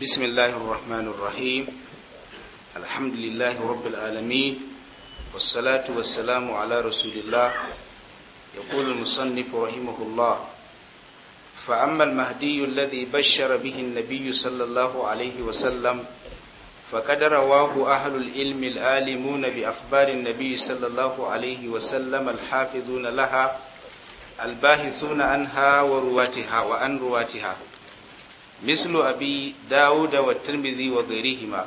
بسم الله الرحمن الرحيم الحمد لله رب العالمين والصلاة والسلام على رسول الله يقول المصنف رحمه الله فأما المهدي الذي بشر به النبي صلى الله عليه وسلم فقد رواه أهل العلم العالمون بأخبار النبي صلى الله عليه وسلم الحافظون لها الباحثون عنها ورواتها وعن رواتها مثل أبي داود والترمذي وغيرهما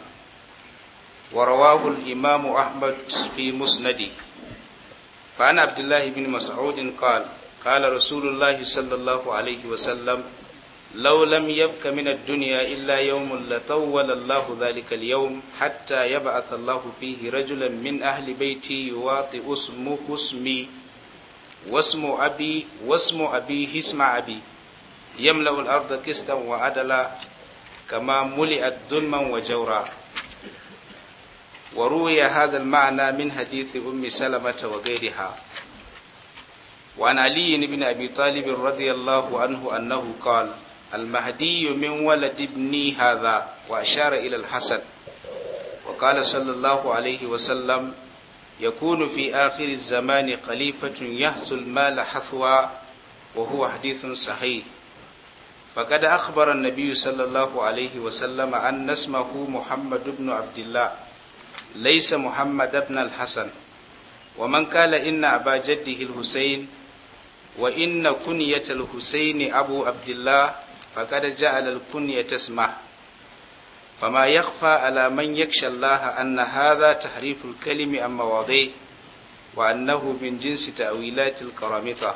ورواه الإمام أحمد في مسنده فعن عبد الله بن مسعود قال قال رسول الله صلى الله عليه وسلم لو لم يبق من الدنيا إلا يوم لطول الله ذلك اليوم حتى يبعث الله فيه رجلا من أهل بيتي يواطئ اسمه اسمي واسم أبي واسم أبيه اسم أبي يملأ الأرض كستا وعدلا كما ملئت ظلما وجورا وروي هذا المعنى من حديث أم سلمة وغيرها وعن علي بن أبي طالب رضي الله عنه أنه قال المهدي من ولد ابني هذا وأشار إلى الحسن وقال صلى الله عليه وسلم يكون في آخر الزمان خليفة يحث المال حثوا وهو حديث صحيح فقد أخبر النبي صلى الله عليه وسلم أن اسمه محمد بن عبد الله ليس محمد بن الحسن ومن قال إن أبا جده الحسين وإن كنية الحسين أبو عبد الله فقد جعل الكنية اسمه فما يخفى على من يخشى الله أن هذا تحريف الكلم عن مواضيه وأنه من جنس تأويلات القرامطة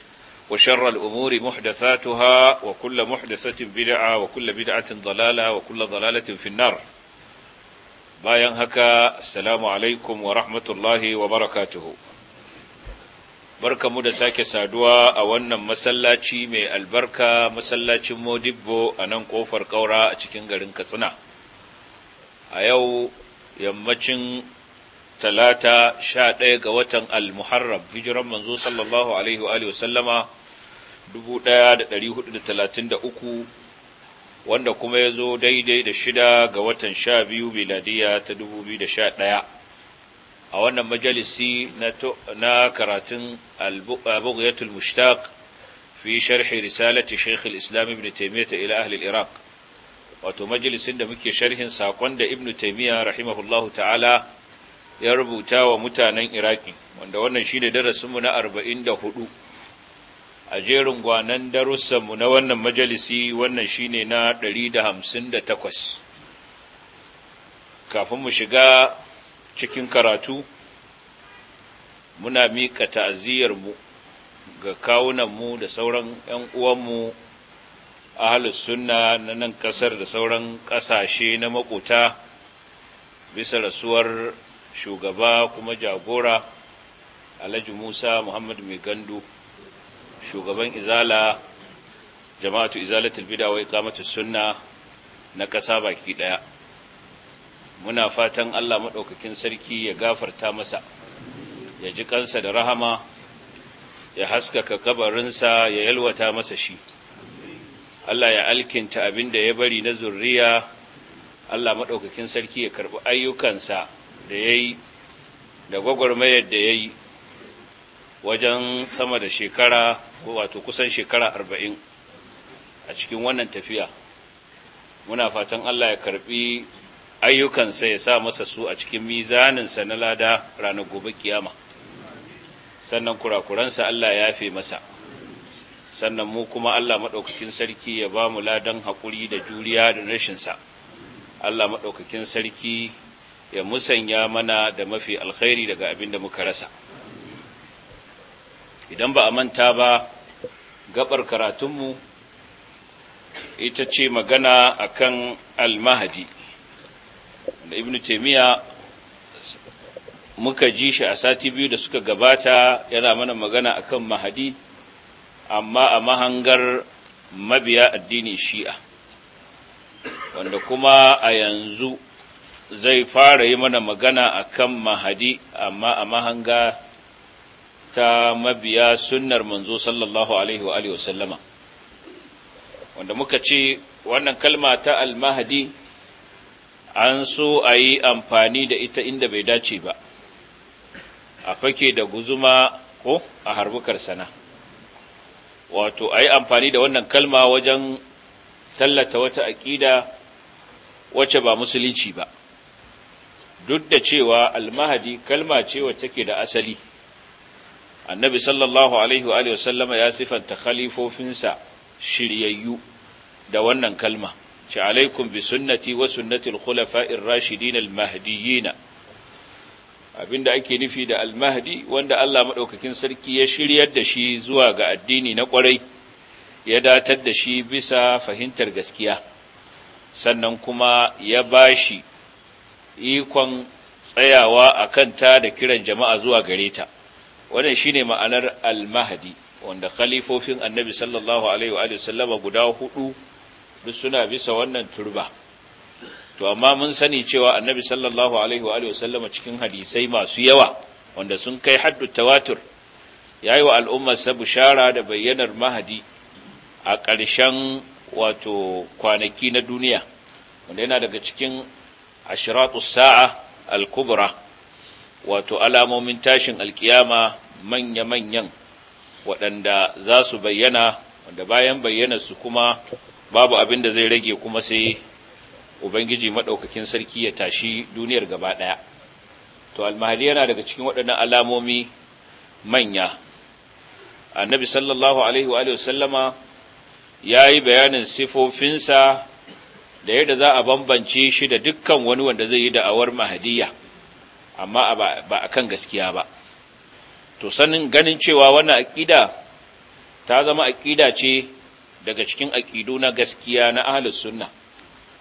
وشر الأمور محدثاتها وكل محدثة bid'a وكل بدعة ضلالة وكل ضلالة في النار bayan haka assalamu alaikum wa rahmatullahi wa barakatuhu barkamu da sake saduwa a wannan masallaci mai albarka masallacin Modibo a nan kofar kaura a cikin garin katsina a yau yammacin talata sha ɗaya ga watan al-muharram hijiran manzo sallallahu alaihi wa sallama 1433 wanda kuma ya zo daidai da shida ga watan sha biyu miladiya ta 2011 a wannan majalisi na karatun al-bughyatul mushtaq fi sharhi risalati shaykh al-islam ibn taymiyyah ila ahli iraq wato majalisin da muke sharhin sakon da ibn taymiyyah rahimahullahu ta'ala ya rubuta wa mutanen iraki wanda wannan darasin darasinmu na 44 a jerin gwanan darussanmu na wannan majalisi wannan shine na ɗari da da hamsin takwas. kafin mu shiga cikin karatu muna miƙa ta'aziyarmu ga kawunanmu da sauran 'yan uwanmu ahalus sunna na nan ƙasar da sauran ƙasashe na maƙota bisa rasuwar shugaba kuma jagora alhaji musa Muhammadu mai gandu shugaban izala jama'atu izalatul bid'a wa iqamatus sunna na ƙasa baki ɗaya muna fatan Allah Madaukakin sarki ya gafarta masa ya ji kansa da rahama ya haskaka kabarinsa ya yalwata masa shi Allah ya alkinta abinda ya bari na zurriya Allah Madaukakin sarki ya karɓi ayyukansa da yayi da gwagwarmayar da yayi wajen sama da shekara wato kusan shekara arba'in a cikin wannan tafiya muna fatan Allah ya karbi ayyukansa ya sa masa su a cikin mizaninsa na lada ranar gobe kiyama sannan kurakuransa Allah ya yafe masa sannan mu kuma Allah maɗaukakin sarki ya ba mu ladan haƙuri da juriya da rashinsa Allah maɗaukakin sarki ya musanya mana da mafi alkhairi daga abin da muka rasa idan ba a manta ba gabar karatunmu ita ce magana akan almahadi da ibn taimiyya muka ji shi a sati biyu da suka gabata yana mana magana akan mahadi amma a mahangar mabiya addinin shi'a wanda kuma a yanzu zai fara yi mana magana akan mahadi amma a mahanga ta mabiya sunnar manzo sallallahu alaihi wa alihi wasallama wanda muka ce wannan kalma ta al-mahdi an so a yi amfani da ita inda bai dace ba a fake da guzuma ko a harbukar sana wato a yi amfani da wannan kalma wajen tallata wata aƙida wacce ba musulunci ba duk da cewa Al-Mahdi kalma ce wacce ke da asali annabi sallallahu alaihi wa alihi wasallama ya sifanta khalifofinsa shiryayyu da wannan kalma ce alaikum bi sunnati wa sunnati al-khulafa'ir rashidin al-mahdiyyin abinda ake nufi da al-mahdi wanda Allah madaukakin sarki ya shiryar da shi zuwa ga addini na kwarai ya datar da shi bisa fahimtar gaskiya sannan kuma ya bashi ikon tsayawa akan ta da kiran jama'a zuwa gare ta wannan shine ma'anar al-mahdi wanda khalifofin annabi sallallahu alaihi wa sallama guda hudu duk suna bisa wannan turba to amma mun sani cewa annabi sallallahu alaihi wa sallama cikin hadisai masu yawa wanda sun kai haddu tawatur yayi wa al'umma bushara da bayyanar mahdi a ƙarshen wato kwanaki na duniya wanda yana daga cikin ashiratus sa'a al-kubra wato alamomin tashin alkiyama manya-manyan waɗanda za su bayyana wanda bayan bayyana su kuma babu abin da zai rage kuma sai ubangiji maɗaukakin sarki ya tashi duniyar gaba ɗaya to almahali yana daga cikin waɗannan alamomi manya annabi sallallahu alaihi wa sallama ya yi bayanin sifofinsa da yadda za a bambance shi da dukkan wani wanda zai yi da'awar mahadiyya amma ba a kan gaskiya ba to sanin ganin cewa wannan aƙida ta zama aƙida ce daga cikin aƙidu na gaskiya na ahalus sunna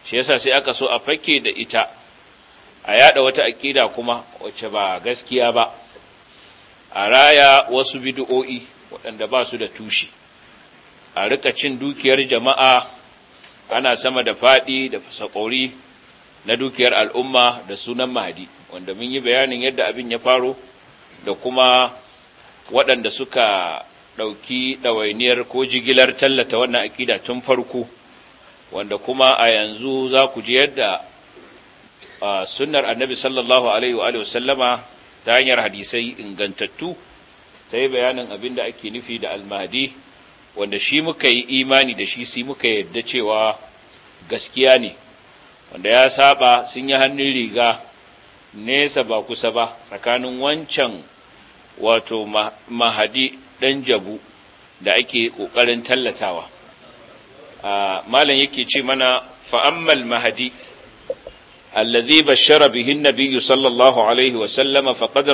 shi yasa sai aka so a fake da ita a yada wata aƙida kuma wacce ba gaskiya ba a raya wasu bid'o'i waɗanda ba su da tushe a rika cin dukiyar jama'a ana sama da faɗi da fasakori na dukiyar al'umma da sunan mahadi wanda mun yi bayanin yadda abin ya faru, da kuma waɗanda suka ɗauki ɗawainiyar ko jigilar tallata wannan akida tun farko wanda kuma a yanzu za ku ji yadda sunar annabi sallallahu alaihi wa sallama ta hanyar hadisai ingantattu ta yi bayanin abin da ake nufi da almahadi wanda shi muka yi imani da shi sai muka yadda cewa gaskiya ne wanda ya saba sun yi hannun riga nesa ba kusa ba tsakanin wancan wato mahadi ɗan jabu da ake ƙoƙarin tallatawa malam yake ce mana fa'ammal mahadi allazi بشر به النبي صلى الله عليه وسلم فقد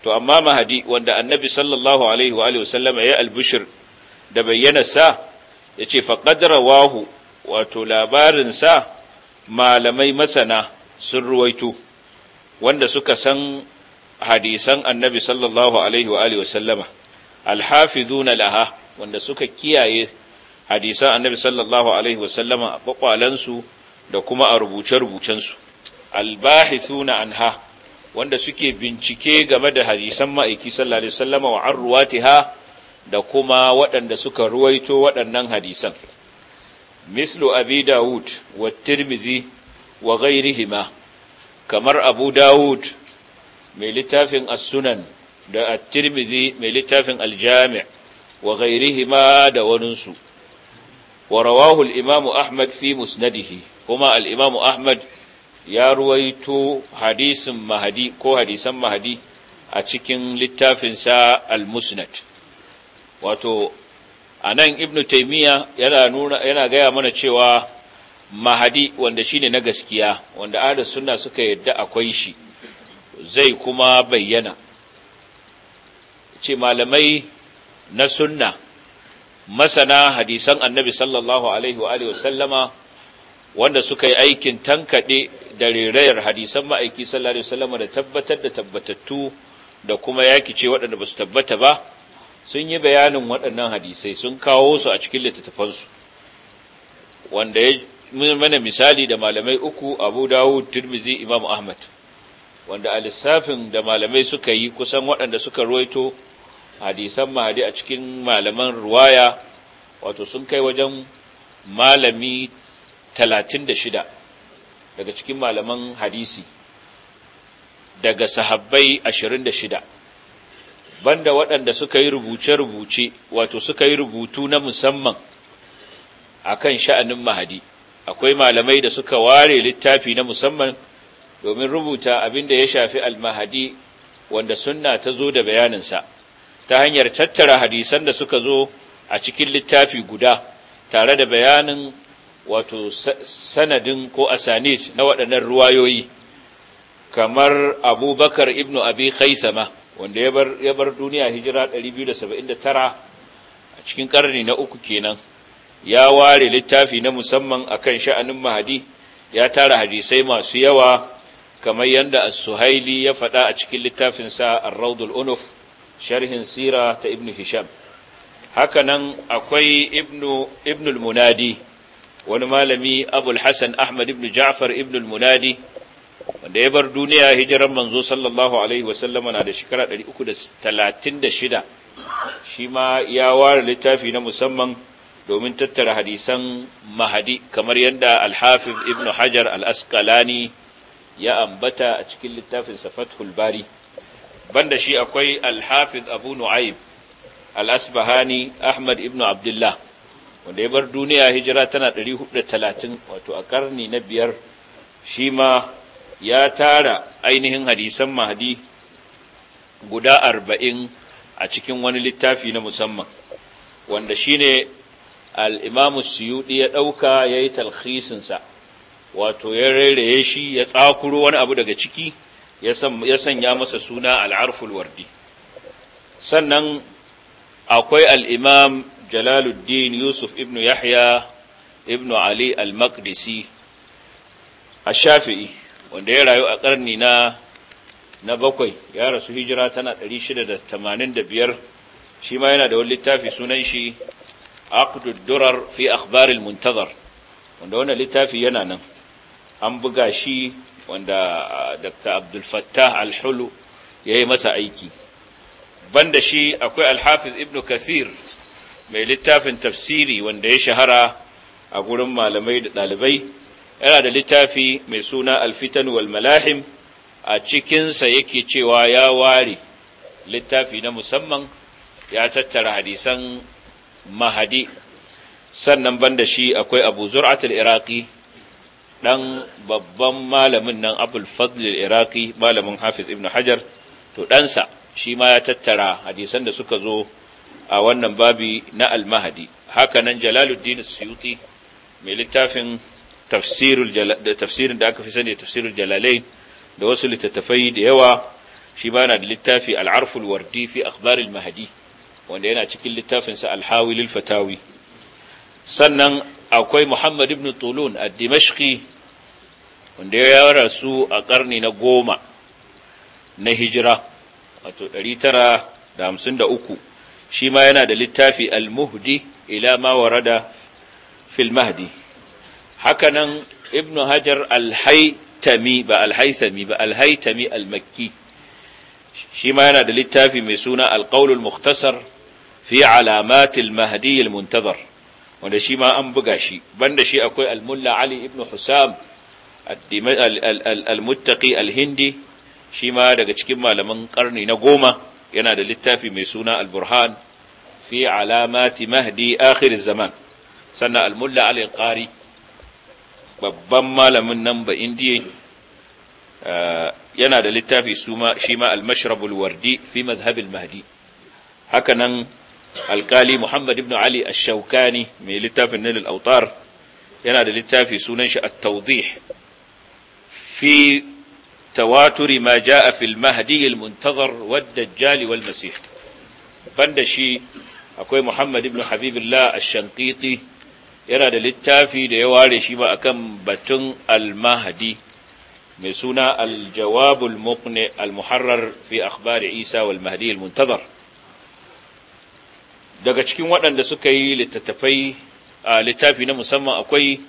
to amma mahadi wanda annabi sallallahu alaihi wa alihi wasallama ya albushir da bayyana sa ya ce faƙadar wahu wato labarinsa malamai masana sun ruwaito wanda suka san hadisan annabi sallallahu alaihi wa alihi wasallama alhafizuna laha wanda suka kiyaye hadisan annabi sallallahu alaihi wasallama a kwakwalansu da kuma a rubuce-rubucensu albahithuna anha wanda suke bincike game da hadisan ma'aiki sallallahu alaihi wasallama wa an ruwatiha da kuma waɗanda suka ruwaito waɗannan hadisan mislu abi dawud wa tirmizi wa ghairihima kamar abu dawud mai littafin as-sunan da at-tirmizi mai littafin al-jami' wa ghairihima da waninsu wa rawahu al-imam ahmad fi musnadihi kuma al-imam ahmad ya ruwaito hadisin mahadi ko hadisan mahadi a cikin littafinsa al-musnad wato anan ibnu Taimiyya yana yana gaya mana cewa mahadi wanda shine na gaskiya wanda ahlus suna suka yadda akwai shi zai kuma bayyana ce malamai na sunna masana hadisan annabi sallallahu alaihi wa alihi wasallama wanda suka yi aikin tankade da rerayar hadisan ma'aiki sallallahu alaihi wasallama da tabbatar da tabbatattu da kuma yaki ce waɗanda ba su tabbata ba sun yi bayanin waɗannan hadisai sun kawo su a cikin littattafansu wanda ya mana misali da malamai uku abu dawud turmizi imam ahmad wanda a lissafin da malamai suka yi kusan waɗanda suka ruwaito hadisan mahadi a cikin malaman ruwaya wato sun kai wajen malami talatin da shida daga cikin malaman hadisi daga sahabbai ashirin da shida banda waɗanda suka yi rubuce-rubuce wato suka yi rubutu na musamman a kan sha'anin mahadi akwai malamai da suka ware littafi na musamman domin rubuta abin da ya shafi almahadi wanda sunna ta zo da bayaninsa ta hanyar tattara hadisan da suka zo a cikin littafi guda tare da bayanin wato sanadin ko asanit na waɗannan ruwayoyi kamar abubakar ibnu abi khaisama wanda ya bar duniya hijira 279 a cikin karni na uku kenan ya ware littafi na musamman akan sha'anin mahadi ya tara hadisai masu yawa kamar yadda as-suhaili ya faɗa a cikin littafinsa ar-raudul unuf sharhin sira ta ibnu hisham hakanan akwai ibnu ibnu munadi wani malami abul hasan ahmad ibnu ja'far ibnul munadi wanda ya bar duniya hijiran manzo sallallahu alaihi wasallama na da shekara 336 shi ma ya ware littafi na musamman domin tattara hadisan mahadi kamar yadda alhafiz ibn hajar al'askalani ya ambata a cikin littafinsa fathul bari banda shi akwai alhafiz abu nu'aib al'asbahani ahmad ibn abdullah wanda ya bar duniya hijira tana 430 wato a karni na biyar shi ma ya tara ainihin hadisan mahdi guda arba'in a cikin wani littafi na musamman wanda shine al'imamu siyuɗi ya ɗauka ya yi talhisinsa wato ya rairaye shi ya tsakuro wani abu daga ciki ya sanya masa suna al'arful wardi sannan akwai al'imam jalaluddin yusuf ibn yahya ibn ali al-maqdisi a shafi'i wanda ya rayu a ƙarni na na bakwai ya rasu hijira tana 685 shi ma yana da wani littafi sunan shi aqdud durar fi akhbaril muntazar wanda wannan littafi yana nan an buga shi wanda ah, Dr. Abdul Fattah Al-Hulu yayi masa aiki banda shi akwai Al-Hafiz Ibn kasir mai littafin tafsiri wanda ya shahara a gurin malamai da ɗalibai yana da littafi mai suna alfitan wal malahim a cikinsa yake cewa ya ware littafi na musamman ya tattara hadisan mahadi sannan banda shi akwai abu zur'atul iraqi dan babban malamin nan abul fadl iraqi malamin hafiz ibn hajar to ɗansa shi ma ya tattara hadisan da suka zo a wannan babi na almahadi hakanan haka nan jalaluddin suyuti mai littafin tafsirin da aka fi sani tafsirul jalalain da wasu littattafai da yawa shi ba na da littafi al'arful wardi fi akhbaril mahdi wanda yana cikin littafinsa alhawi fatawi sannan akwai muhammad ibn tulun a dimashqi wanda ya rasu a karni na goma na hijira wato 953 shi ma yana da littafi al-muhdi ila ma warada fil mahdi hakanan ibnu hajar alhaitami ba alhaitami ba alhaitami almakki shi ma yana da littafi mai suna alkaulul mukhtasar fi alamatil mahdi almuntazar wanda shi ma an buga shi banda shi akwai almulla ali ibnu husam almuttaqi alhindi shi ma daga cikin malaman karni na goma yana da littafi mai suna alburhan fi alamati mahdi akhir zaman sannan almulla ali alqari babban malamin nan ba indiya yana da littafi shi ma almashrabul wardi fi mazhabil mahdi haka nan alkali muhammad ibn ali ash-shawkani mai littafin nilal autar yana da littafi sunan shi at-tawdih fi tawaturi ma jaa fil mahdi al-muntazar wad-dajjal wal-masih banda shi akwai muhammad ibn habibillah ash-shanqiti yana da littafi da ya ware shi ma kan batun al mahadi mai suna al-jawab al muharrar fi akhbar Isa wal mahdi al muntabar daga cikin waɗanda suka yi littattafai a littafi na musamman akwai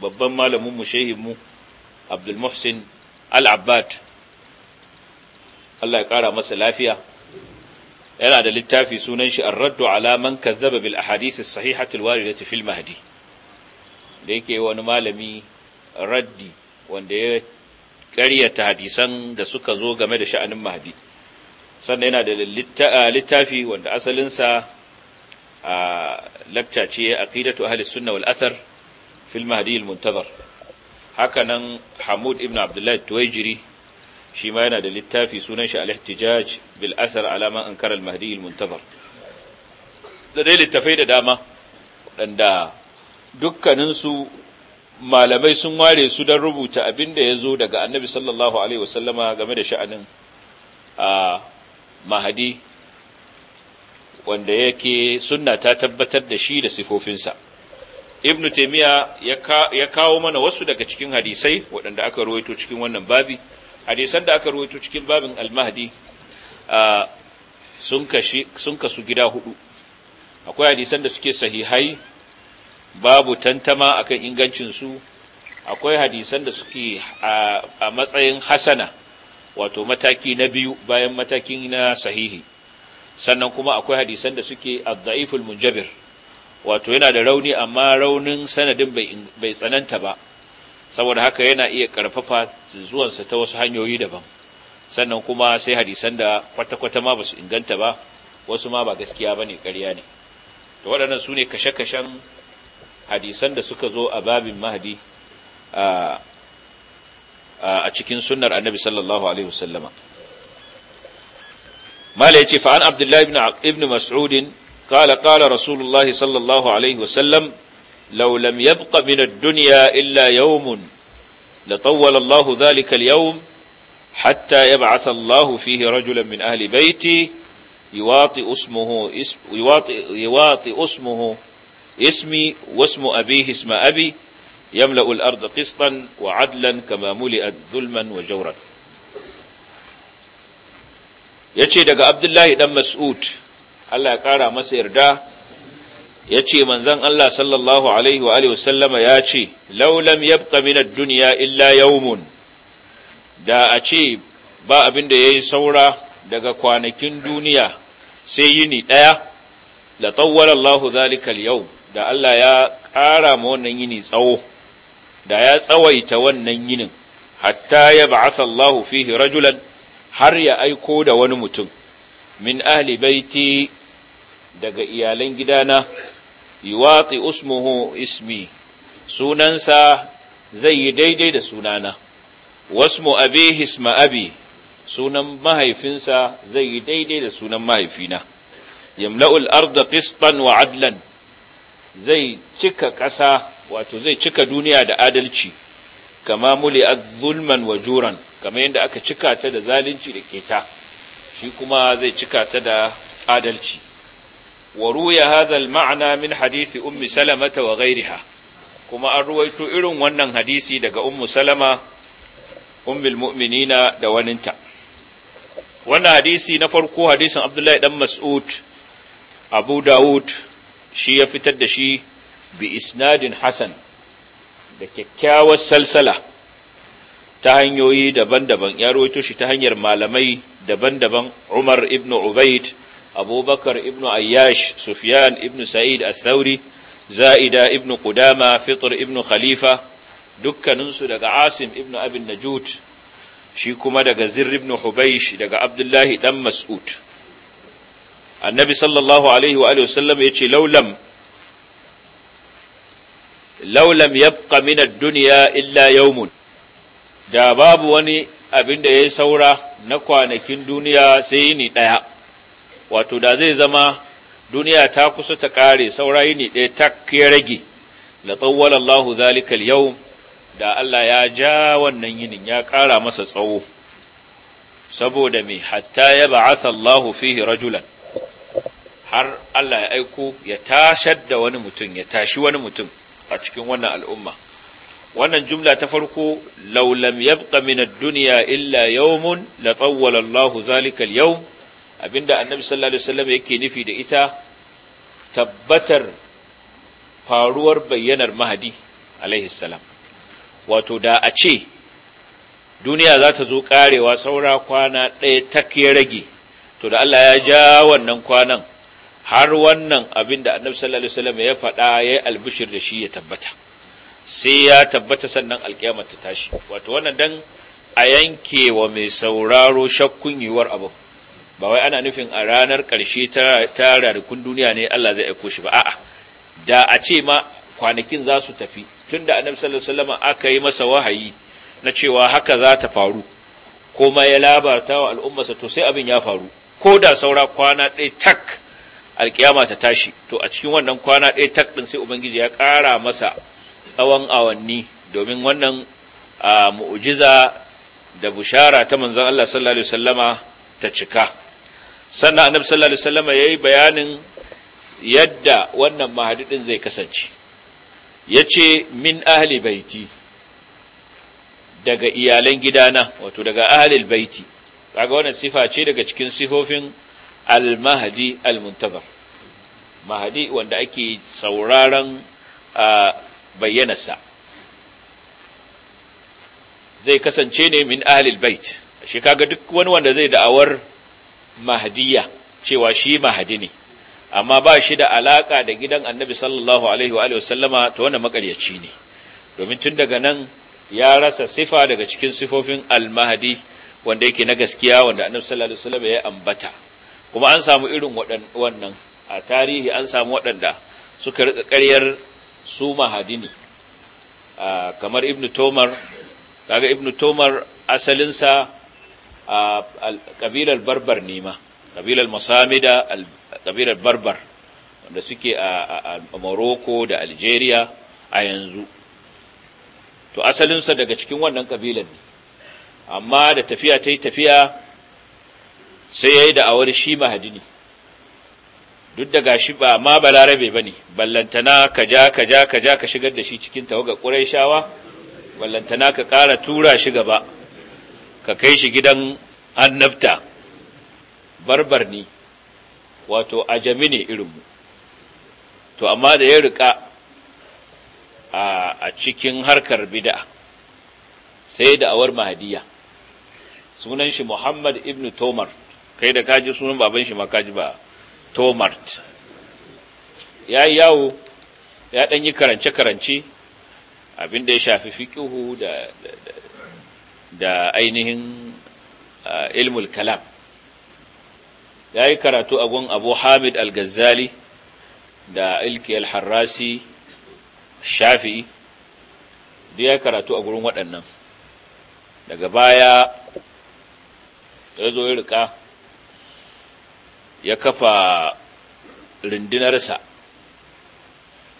babban malamin mu abdulmuhsin Abdul Al-Abbad Allah ya ƙara masa lafiya yana da littafi sunan shi ar-raddu ala man kazzaba bil ahadith as-sahihah al-waridati fil mahdi da yake wani malami raddi wanda ya ƙaryata hadisan da suka zo game da sha'anin mahdi sannan yana da littafi wanda asalinsa a lakta ce aqidatu ahli sunna wal athar fil mahdi al-muntazar haka nan hamud ibn abdullah tuwajiri shi ma yana da littafi sunan shi al-ihtijaj bil asar alama ankara al-mahdi al-muntazar da dai littafai da dama waɗanda dukkaninsu malamai sun ware su don rubuta abin da ya zo daga annabi sallallahu alaihi wasallama game da sha'anin a mahadi wanda yake sunna ta tabbatar da shi da sifofinsa ibnu taimiyya ya kawo mana wasu daga cikin hadisai waɗanda aka ruwaito cikin wannan babi hadisan da aka ruwaito cikin babin al-mahdi sun kashi sun kasu gida hudu akwai hadisan da suke sahihai babu tantama akan ingancin su akwai hadisan da suke a matsayin hasana wato mataki na biyu bayan mataki na sahihi sannan kuma akwai hadisan da suke a daiful munjabir wato yana da rauni amma raunin sanadin bai tsananta ba saboda haka yana iya karfafa zuwansa ta wasu hanyoyi daban sannan kuma sai hadisan da kwata-kwata ma basu inganta ba wasu ma ba gaskiya ba ne ƙarya ne to waɗannan su ne kashe-kashen hadisan da suka zo a babin mahadi a cikin sunnar annabi sallallahu alaihi wasallama mala ya ce fa'an abdullahi ibn Mas'udin, qala qala rasulullahi sallallahu alaihi wasallam لو لم يبق من الدنيا إلا يوم لطول الله ذلك اليوم حتى يبعث الله فيه رجلا من أهل بيتي يواطئ اسمه اسم يواطئ, يواطئ اسمه اسمي واسم أبيه اسم أبي يملأ الأرض قسطا وعدلا كما ملئت ظلما وجورا yace دقى عبد الله دم Allah الله kara مسير دا ya ce manzan Allah sallallahu Alaihi wa wasallama ya ce, Laulam yabqa mina duniya illa yaumun, da a ce ba abin da ya yi saura daga kwanakin duniya sai yini ɗaya, da tsawwar Allah zalikal yau, da Allah ya ƙara ma wannan yini tsawo, da ya tsawaita wannan yinin, hatta ya ba'asa Allah fihi rajulan har ya aiko da wani mutum, min ahli baiti daga iyalan gidana yuwati usmuhu ismi sunansa zai yi daidai da sunana wasmu abihi isma abi sunan mahaifinsa zai yi daidai da sunan mahaifina yamla'ul arda qistan wa adlan zai cika ƙasa wato zai cika duniya da adalci kama muli zulman wa juran kamar yadda aka cika ta da zalunci da keta shi kuma zai cika ta da adalci wa ruya hadha al min hadisi ummi salamata wa ghayriha kuma an ruwaito irin wannan hadisi daga ummu salama ummul da waninta wannan hadisi na farko hadisin abdullahi dan mas'ud abu dawud shi ya fitar da shi bi isnadin Hassan, da kyakkyawar salsala ta hanyoyi daban-daban ya ruwaito shi ta hanyar malamai daban-daban Umar ibn Ubaid abubakar ibn ayyash sufyan ibn sa'id al-thauri za'ida ibn qudama fitr ibn khalifa dukkaninsu daga asim ibn abin najud shi kuma daga zirr ibn hubaysh daga abdullahi dan mas'ud annabi sallallahu alaihi wa alihi wasallam yace laulam laulam yabqa min ad-dunya illa yawmun da babu wani abin da yayi saura na kwanakin duniya sai ni daya wato da zai zama duniya ta kusa ta kare saura yini ɗaya tak ya rage da tawwala Allahu zalika da Allah ya ja wannan yinin ya ƙara masa tsawo saboda me hatta ya ba'atha Allahu fihi rajulan har Allah ya aiko ya tashar da wani mutum ya tashi wani mutum a cikin wannan al'umma wannan jumla ta farko laulam lam yabqa min ad-dunya illa yawmun la tawwala Allahu zalika yawm abinda annabi sallallahu alaihi wasallam yake nufi da ita tabbatar faruwar bayyanar mahadi alaihi salam wato da a ce duniya za ta zo karewa saura kwana ɗaya take rage to da Allah ya ja wannan kwanan har wannan abinda da annabi sallallahu alaihi wasallam ya faɗa ya yi albishir da shi ya tabbata sai ya tabbata sannan alkiyama ta tashi wato wannan dan a yanke wa mai sauraro shakkun yiwuwar abin ba wai ana nufin a ranar ƙarshe ta ranakun duniya ne Allah zai aiko shi ba a'a da a ce ma kwanakin za su tafi tunda annabi sallallahu alaihi wasallam aka yi masa wahayi na cewa haka za ta faru kuma ya labarta wa al'ummarsa to sai abin ya faru ko da saura kwana ɗaya tak alkiyama ta tashi to a cikin wannan kwana ɗaya tak ɗin sai ubangiji ya ƙara masa tsawon awanni domin wannan mu'ujiza da bushara ta manzon Allah sallallahu alaihi wasallama ta cika sannan annabi sallallahu alaihi wasallam yayi bayanin yadda wannan mahadi zai kasance yace min ahli baiti daga iyalan gidana wato daga ahli baiti kaga wannan sifa ce daga cikin sifofin al-mahdi al mahdi wanda ake sauraron bayyanarsa zai kasance ne min ahli bait shi kaga duk wani wanda zai da'awar mahdiya cewa shi mahdi ne amma ba shi da alaka da gidan annabi sallallahu alaihi wa sallama ta wannan makaryaci ne domin tun daga nan ya rasa sifa daga cikin sifofin al-mahdi wanda yake na gaskiya wanda annabi sallallahu alaihi wa sallama ya ambata kuma an samu irin wannan a tarihi an samu waɗanda suka rika ƙaryar su mahadi ne kamar ibnu tomar kaga ibnu tomar asalinsa A ƙabilar barbar ne ma kabilar musamida ƙabilar barbar wanda suke a morocco da algeria a yanzu to asalinsa daga cikin wannan kabilar ne amma da tafiya ta yi tafiya sai ya yi da awar shi mahadi ne duk da shi ba ma balarabe ba ne ballantana ka ja ka ja ka ja ka shigar da shi cikin tawagar ƙurai shawa ballantana ka ƙara tura shi gaba ka kai shi gidan annabta barbarni wato ajami ne irinmu to amma da ya rika a cikin harkar bid'a sai da awar mahadiya sunan shi Muhammad ibn Tomar kai da kaji sunan baban shi ma kaji ba Tomart ya yi yawo ya ɗan yi karance-karance abinda ya shafi fiƙihu da da ainihin ilmul kalam ya yi karatu a gun abu hamid al-ghazali da ilki al-harrasi shafi'i da ya karatu a gurin waɗannan daga baya ya zo ya rika ya kafa rindinarsa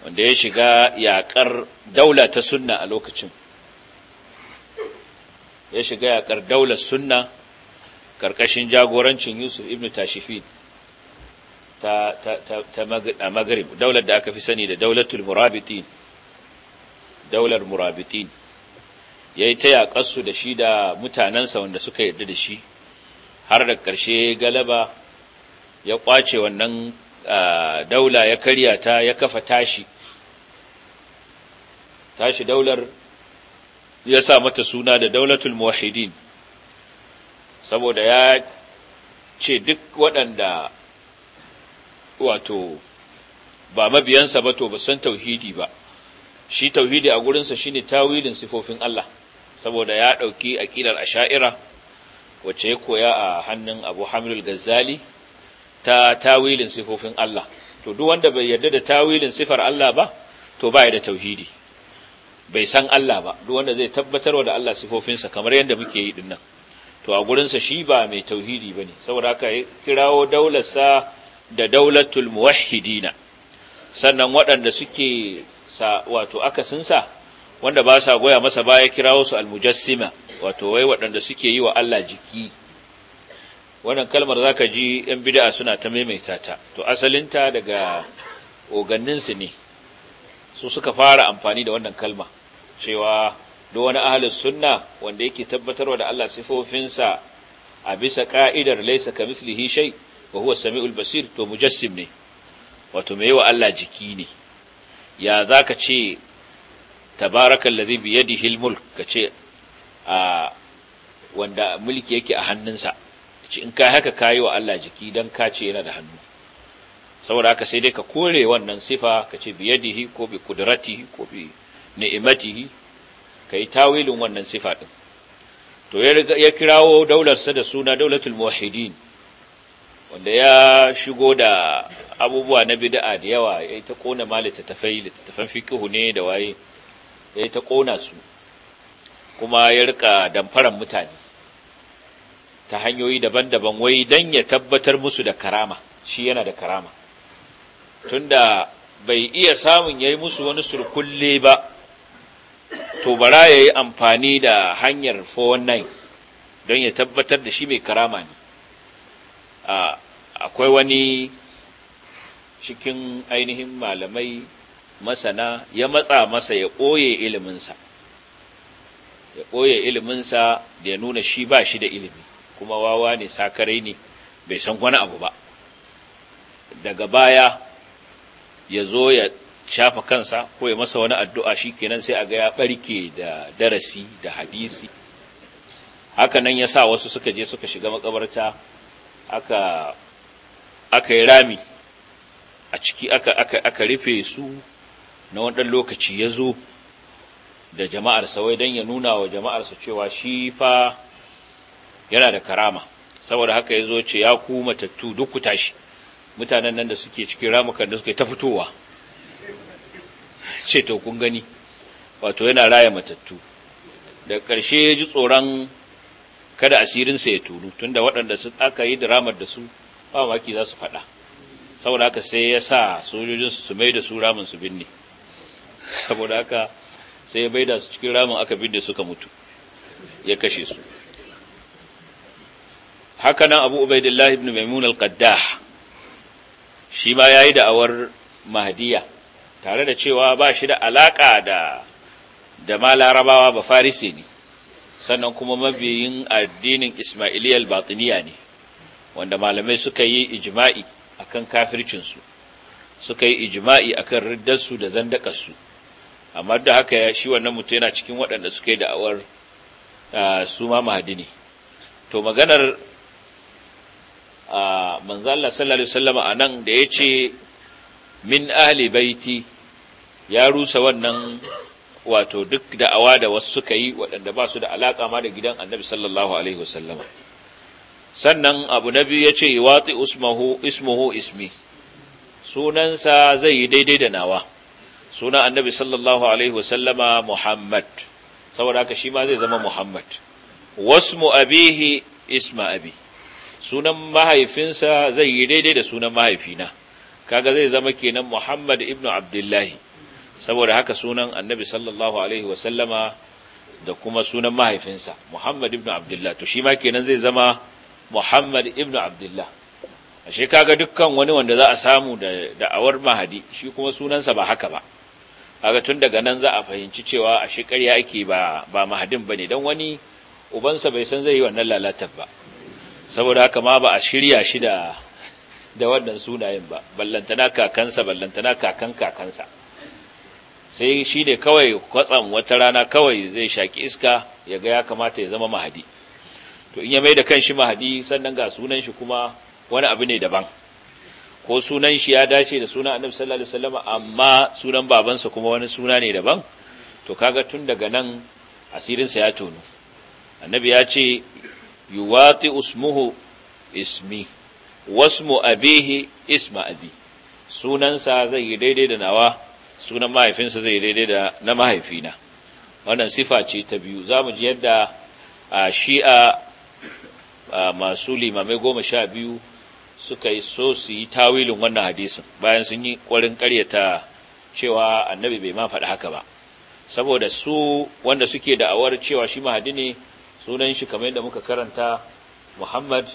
wanda ya shiga yaƙar daula ta sunna a lokacin ya shiga yaƙar daular sunna ƙarƙashin jagorancin yusuf ibn tashifin ta, ta, ta, ta magrib daular da aka fi sani da daulatul murabitin daular murabitin ya yi ta yaƙarsu da shi da mutanensa wanda suka yarda da shi har da ƙarshe galaba ya ƙwace wannan daula ya karya ta ya kafa tashi tashi daular ya sa mata suna da daulatul muwahidin saboda ya ce duk waɗanda wato ba mabiyansa ba to ba san tauhidi ba shi tauhidi a gurinsa shi ne tawilin sifofin Allah saboda ya ɗauki aƙidar Sha'ira wacce ya koya a hannun abu hamilul gazzali ta tawilin sifofin Allah to duk wanda bai yarda da tawilin sifar Allah ba to ba da tauhidi bai san Allah ba duk wanda zai tabbatar da Allah sifofinsa kamar yadda muke yi dinnan to a gurinsa shi ba mai tauhidi bane saboda haka kirawo daularsa da daulatul muwahhidina sannan waɗanda suke sa wato akasinsa wanda ba sa goya masa baya kirawo su almujassima wato wai waɗanda suke yi wa Allah jiki wannan kalmar zaka ji yan bid'a suna ta maimaita ta to asalinta daga oganninsu ne su suka fara amfani da wannan kalma cewa duk wani ahalin sunna wanda yake tabbatarwa da Allah sifofinsa a bisa ka'idar laysa mislihi shay wa huwa samiul basir to mujassim ne wato mai wa Allah jiki ne ya zaka ce tabarakal ladhi bi yadihi al mulk kace a wanda mulki yake a hannunsa ce in kai haka kayi wa Allah jiki dan ka ce yana da hannu saboda haka sai dai ka kore wannan sifa kace bi yadihi ko bi kudratihi ko bi ni'imatihi kai tawilin wannan sifa din to ya kirawo daularsa da suna daulatul muwahhidin wanda ya shigo da abubuwa na bid'a da yawa ya ta kona ma littattafai littattafan fiqhu ne da waye ya ta kona su kuma ya rika damfaran mutane ta hanyoyi daban-daban wai dan ya tabbatar musu da karama shi yana da karama tunda bai iya samun yayi musu wani surkulle ba to bara ya yi amfani da hanyar 419 don ya tabbatar da shi mai karama ne akwai wani cikin ainihin malamai masana ya matsa masa ya ɓoye iliminsa ya ƙoye iliminsa da ya nuna shi ba shi da ilimi kuma wawa ne sakarai ne bai san wani abu ba daga baya ya zo ya shafa kansa ko ya masa wani addu'a shi kenan sai a ga ya ɓarke da darasi da hadisi hakanan ya sa wasu suka je suka shiga makabarta aka yi rami a ciki aka rufe su na wani ɗan lokaci ya zo da jama'arsa wai don ya nuna wa jama'arsa cewa shi fa yana da karama saboda haka ya zo ce ya ku matattu duk ku tashi mutanen nan da suke cikin ramukan da suke ta fitowa ce to kun gani wato yana raya matattu da ƙarshe ya ji tsoron kada asirinsa ya tulu da waɗanda sun aka yi diramar da su ba maki za su faɗa saboda haka sai ya sa sojojinsu su mai da su ramin su binne saboda haka sai ya bai da su cikin ramin aka binne suka mutu ya kashe su hakanan abu ubaidullahi ibn maimun al-qaddah shi ma yayi da'awar mahdiya tare da cewa ba shi da alaƙa da da ma larabawa ba farisi ne sannan kuma mabiyin addinin ismailiyal batiniya ne wanda malamai suka yi ijima'i akan kafircinsu suka yi ijima'i akan riddarsu da zandakarsu amma da haka shi wannan mutum yana cikin waɗanda suka yi da'awar su ma mahadi to maganar manzo Allah sallallahu alaihi wasallam anan da yace min ahli baiti ya rusa wannan wato duk da'awa da wasu suka yi waɗanda ba su da alaƙa ma da gidan annabi sallallahu alaihi wasallama sannan abu na biyu ya ce watsi usmahu ismuhu ismi sunansa zai yi daidai da nawa sunan annabi sallallahu alaihi wasallama muhammad saboda haka shi ma zai zama muhammad wasmu abihi isma abi sunan mahaifinsa zai yi daidai da sunan mahaifina kaga zai zama kenan Muhammad ibn Abdullahi saboda haka sunan Annabi sallallahu alaihi wa sallama da kuma sunan mahaifinsa Muhammad ibn Abdullah to shi ma kenan zai zama Muhammad ibn Abdullah ashe kaga dukkan wani wanda za a samu da da'awar mahadi shi kuma sunansa ba haka ba kaga tun daga nan za a fahimci cewa ashe ƙarya ake ba ba mahadin bane dan wani ubansa bai san zai yi wannan lalatar ba saboda haka ma ba a shirya shi da da wannan sunayen ba ballantana kakansa ballantana kakan kakansa sai shi ne kawai kwatsam wata rana kawai zai shaki iska ya ga ya kamata ya zama mahadi to in ya mai da kanshi mahadi sannan ga sunan shi kuma wani abu ne daban ko sunan shi ya dace da sunan annabi sallallahu alaihi wasallam amma sunan babansa kuma wani suna ne daban to kaga tun daga nan asirinsa ya tono annabi ya ce yuwati usmuhu ismi wasmu abihi isma abi sunansa zai yi daidai da nawa sunan mahaifinsa zai yi daidai da na mahaifina wannan sifa ce ta biyu za mu ji yadda a shi'a masu limamai goma sha biyu suka yi so su yi tawilin wannan hadisin bayan sun yi ƙwarin ƙaryata cewa annabi bai ma faɗi haka ba saboda su wanda suke da'awar cewa shi mahadi ne sunan shi kamar yadda muka karanta muhammad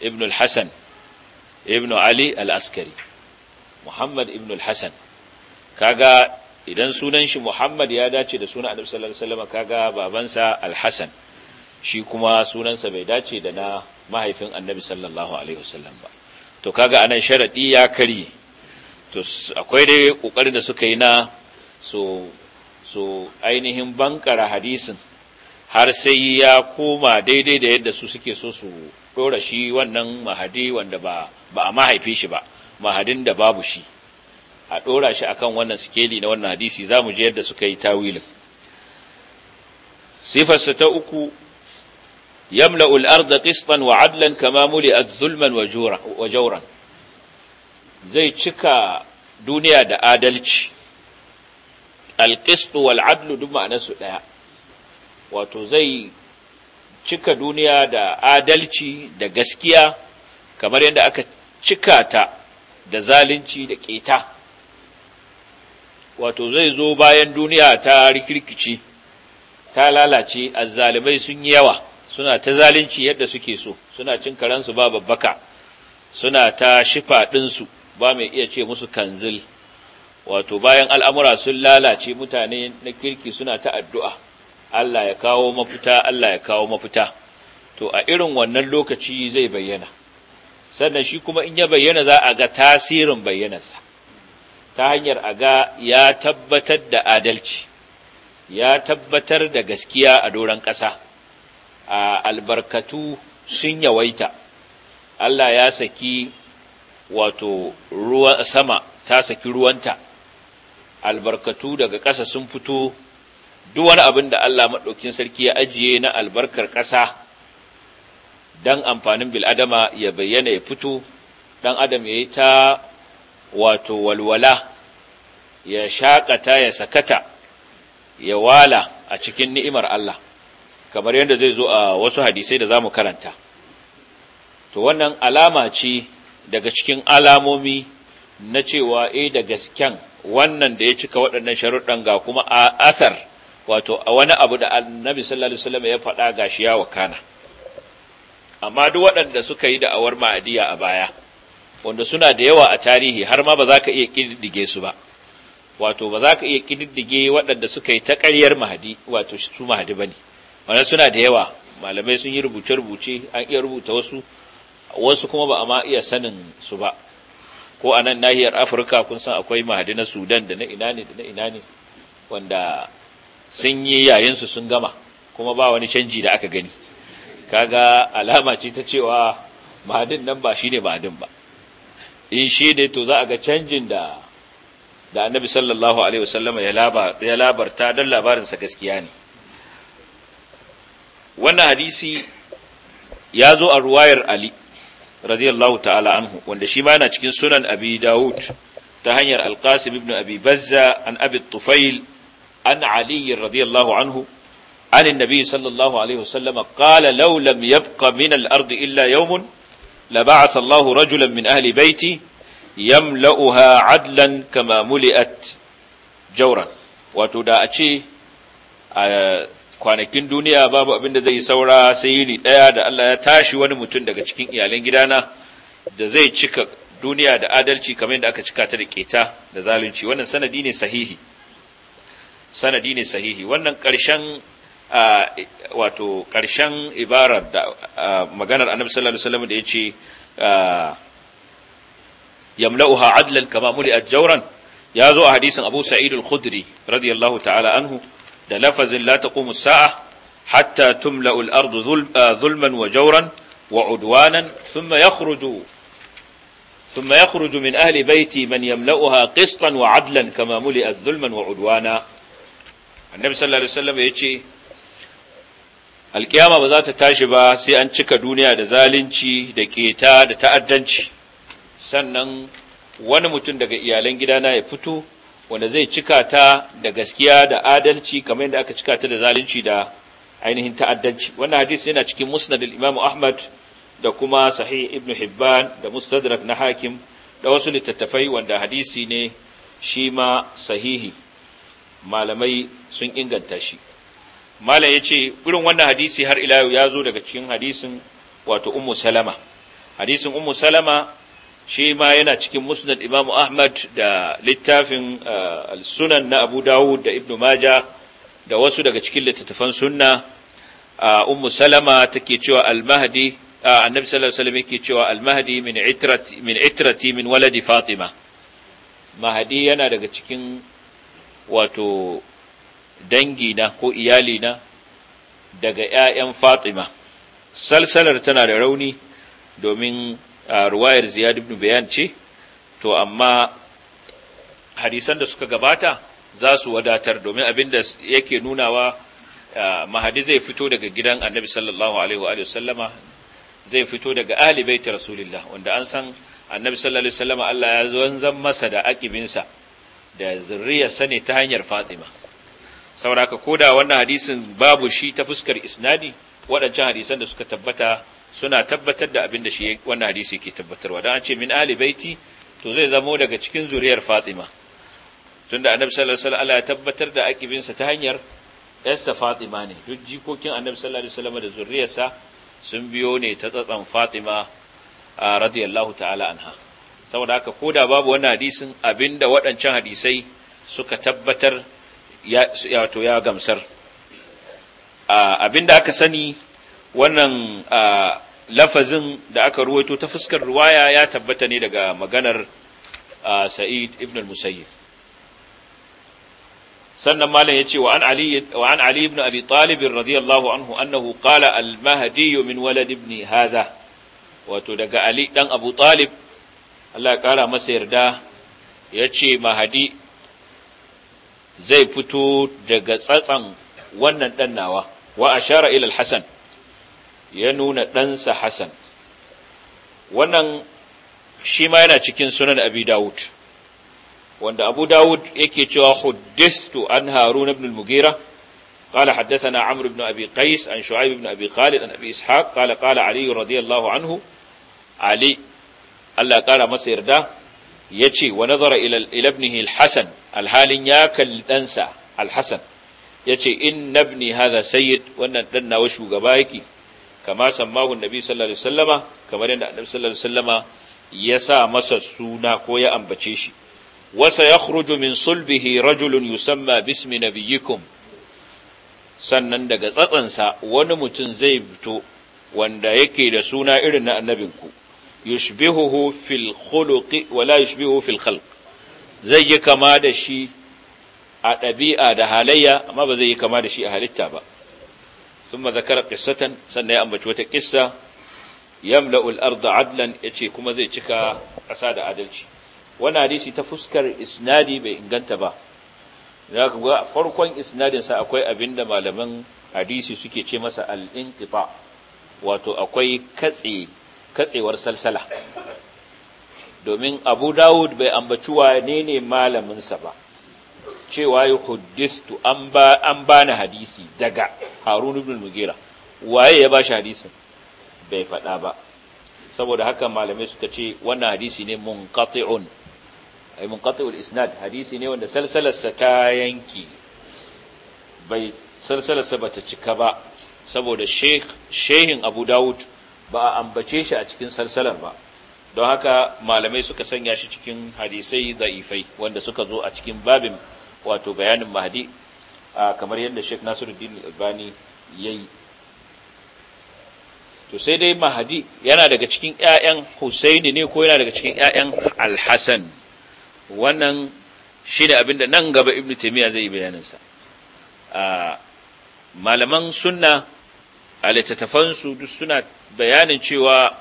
ibn al-hasan ibn ali al-askari muhammad ibn al-hasan kaga idan sunan shi muhammad ya dace da sunan annabi sallallahu alaihi wasallam kaga babansa al shi kuma sunansa bai dace da na mahaifin annabi sallallahu alaihi wasallam ba to kaga anan sharadi ya kari to akwai dai kokarin da suka yi na so so ainihin bankara hadisin har sai ya koma daidai da yadda su suke so su ɗora shi wannan mahadi wanda ba a mahaife shi ba mahadin da babu shi a ɗora shi akan wannan sikeli na wannan hadisi za mu je yadda suka yi tawilin sifarsa ta uku يملأ الأرض قسطا وعدلا a zulman wajauran, zai cika duniya da adalci. آدلتش القسط والعدل duk أنا ɗaya, wato zai cika duniya da adalci da gaskiya kamar yadda aka cika ta da zalunci da ƙeta wato zai zo bayan duniya ta rikirkici ta lalace azzalimai sun yi yawa suna ta zalunci yadda suke so suna cin karansu ba babbaka suna ta shifa ɗinsu ba mai iya ce musu kanzil wato bayan al'amura sun lalace mutane na kirki suna ta addu'a Allah ya kawo mafita Allah ya kawo mafita to a irin wannan lokaci zai bayyana sannan shi kuma in ya bayyana za a ga tasirin bayyanarsa ta hanyar a ga ya tabbatar da adalci ya tabbatar da gaskiya a doron ƙasa a albarkatu sun yawaita Allah ya saki wato ruwan sama ta saki ruwanta albarkatu daga ƙasa sun fito duk wani abin da Allah maɗaukin sarki ya ajiye na albarkar ƙasa don amfanin bil'adama ya bayyana ya fito ɗan adam ya yi ta wato walwala ya shaƙata ya sakata ya wala a cikin ni'imar Allah kamar yadda zai zo a wasu hadisai da za mu karanta to wannan alama ce daga cikin alamomi na cewa eh da gasken wannan da ya cika waɗannan sharuɗan ga kuma a asar wato a wani abu da annabi sallallahu alaihi wasallam ya faɗa gashi ya wakana amma duk waɗanda suka yi da'awar ma'adiya a baya wanda suna da yawa a tarihi har ma ba za ka iya ƙididdige su ba wato ba za ka iya ƙididdige waɗanda suka yi ta ƙaryar mahadi wato su mahadi ba ne wannan suna da yawa malamai sun yi rubuce-rubuce an iya rubuta wasu wasu kuma ba a ma iya sanin su ba ko a nan nahiyar afirka kun san akwai mahadi na sudan da na ina ne da na ina ne wanda sun yi yayinsu sun gama kuma ba wani canji da aka gani kaga alama ce ta cewa mahadin nan ba shi ne mahadin ba in shi ne to za a ga canjin da da annabi sallallahu alaihi wasallam ya labarta don labarinsa gaskiya ne wannan hadisi ya zo a ruwayar ali radiyallahu ta'ala anhu wanda shi ma yana cikin sunan abi dawud ta hanyar alqasim ibn abi bazza an abi tufail an ali radiyallahu anhu عن النبي صلى الله عليه وسلم قال لو لم يبق من الأرض إلا يوم لبعث الله رجلا من أهل بيتي يملأها عدلا كما ملئت جورا وتدا أشي kwanakin duniya babu abin da zai saura sai yini ɗaya da Allah ya tashi wani mutum daga cikin iyalan gidana da zai cika duniya da adalci kamar yadda aka cika ta da keta da zalunci wannan sanadi ne sahihi sanadi ne sahihi wannan ƙarshen wato ƙarshen ibarar da maganar annabi sallallahu alaihi wasallam da yace yamla'uha adlan kama muli jawran ya zo a hadisin Abu Sa'id al-Khudri radiyallahu ta'ala anhu da lafazin la taqumu as-sa'a hatta tumla'u al-ardu zulman wa jawran wa udwanan thumma yakhruju ثم يخرج من أهل بيتي من يملأها قسطا muli كما ملئت ظلما وعدوانا annabi sallallahu alaihi wasallam ya ce alkiyama ba za ta tashi ba sai an cika duniya da zalunci da keta da ta'addanci sannan wani mutum daga iyalan gidana ya fito wanda zai cika ta da gaskiya da adalci kamar yadda aka cika ta da zalunci da ainihin ta'addanci wannan hadisi yana cikin musnad al-imam ahmad da kuma sahih ibn hibban da mustadrak na hakim da wasu littattafai wanda hadisi ne shi ma sahihi malamai sun inganta shi malam ya ce, irin wannan hadisi har ila ya zo daga cikin hadisin wato ummu salama hadisin ummu salama shi ma yana cikin musnad imam ahmad da littafin eh, sunan na abu dawud da ibnu maja da wasu daga cikin littattafan sunna ah, ummu salama take cewa al-mahdi ah, annabi sallallahu alaihi wasallam yake cewa al-mahdi min itrati min itrati min waladi fatima mahdi yana daga cikin wato dangina ko iyali na daga ‘ya'yan Fatima. Salsalar tana da rauni domin ruwayar Ziyad ibn Bayan ce, to amma hadisan da suka gabata za su wadatar domin abin da yake nunawa mahadi zai fito daga gidan annabi sallallahu Alaihi wa sallama zai fito daga ahli baiti rasulillah wanda an san annabi sallallahu Alaihi wa sallama Allah ya zo masa da akibinsa. da zuriyarsa ne ta hanyar fatima Saura ka koda wannan hadisin babu shi ta fuskar isnadi waɗancan hadisan da suka tabbata suna tabbatar da abin da shi wannan hadisi ke tabbatarwa don an ce min ali baiti to zai zamo daga cikin zuriyar fatima tunda annabi sallallahu alaihi wasallam ya tabbatar da akibinsa ta hanyar yarsa fatima ne duk jikokin annabi sallallahu alaihi wasallam da zuriyarsa sun biyo ne ta tsatsan fatima radiyallahu ta'ala anha saboda haka ko da babu wannan hadisin abinda waɗancan hadisai suka tabbatar ya ya gamsar abinda aka sani wannan lafazin da aka ruwaito ta fuskar ruwaya ya tabbata ne daga maganar sa'id ibn al-musayyib sannan malam yace wa an ali wa an ali ibn abi talib radiyallahu anhu annahu qala al-mahdi min walad ibn hadha wato daga ali dan abu talib Allah ya ƙara masa yarda ya ce mahadi zai fito daga tsatsan wannan ɗan nawa wa shara ilal Hassan ya nuna ɗansa Hassan wannan shi ma yana cikin sunan abi dawud wanda abu dawud yake cewa huddistu an haruna ibn mugira mughira قال حدثنا عمرو بن أبي قيس عن شعيب بن أبي خالد عن أبي إسحاق قال قال علي رضي الله عنه علي Allah ya ƙara masa yarda ya ce wa nazara ilabnihi alhassan alhalin ya kalli ɗansa alhassan ya ce in nabni haza sayyid wannan ɗan nawa shugaba yake kama sammahun nabi sallallahu alaihi wasallama kamar yadda annabi sallallahu alaihi wasallama ya sa masa suna ko ya ambace shi wa sayakhruju min sulbihi rajulun yusamma bismi nabiyyikum sannan daga tsatsansa wani mutum zai fito wanda yake da suna irin na annabinku yushbihuhu fil khuluqi wala yushbihu fil khalq zai yi kama da shi a ɗabi'a da halayya amma ba zai yi kama da shi a halitta ba sun zakara ƙissatan sannan ya ambaci wata ƙissa yamla'ul arda adlan ya ce kuma zai cika ƙasa da adalci wani hadisi ta fuskar isnadi bai inganta ba za ka ga farkon isnadinsa akwai abin da malaman hadisi suke ce masa al'inƙifa wato akwai katse katsewar salsala domin abu dawud bai ambaci wane ne malaminsa ba cewa yi hudistu an ba ni hadisi daga harun ibn mugira waye ya ba shi hadisin bai faɗa ba saboda haka malamai suka ce wannan hadisi ne munqati'un ay munqati'ul isnad hadisi ne wanda salsalarsa ta yanki bai salsalarsa ba ta cika ba saboda shehin abu dawud ba a ambace shi a cikin salsalar ba don haka malamai suka sanya shi cikin hadisai da'ifai wanda suka zo a cikin babin wato bayanin a kamar yadda nasiru Nasiruddin Albani yi. to sai dai mahadi yana daga cikin 'ya'yan Husaini ne ko yana daga cikin 'ya'yan Al-Hasan wannan abin abinda nan gaba Ibn Taymiyyah zai yi sa malaman sunna a littattafansu duk suna bayanin cewa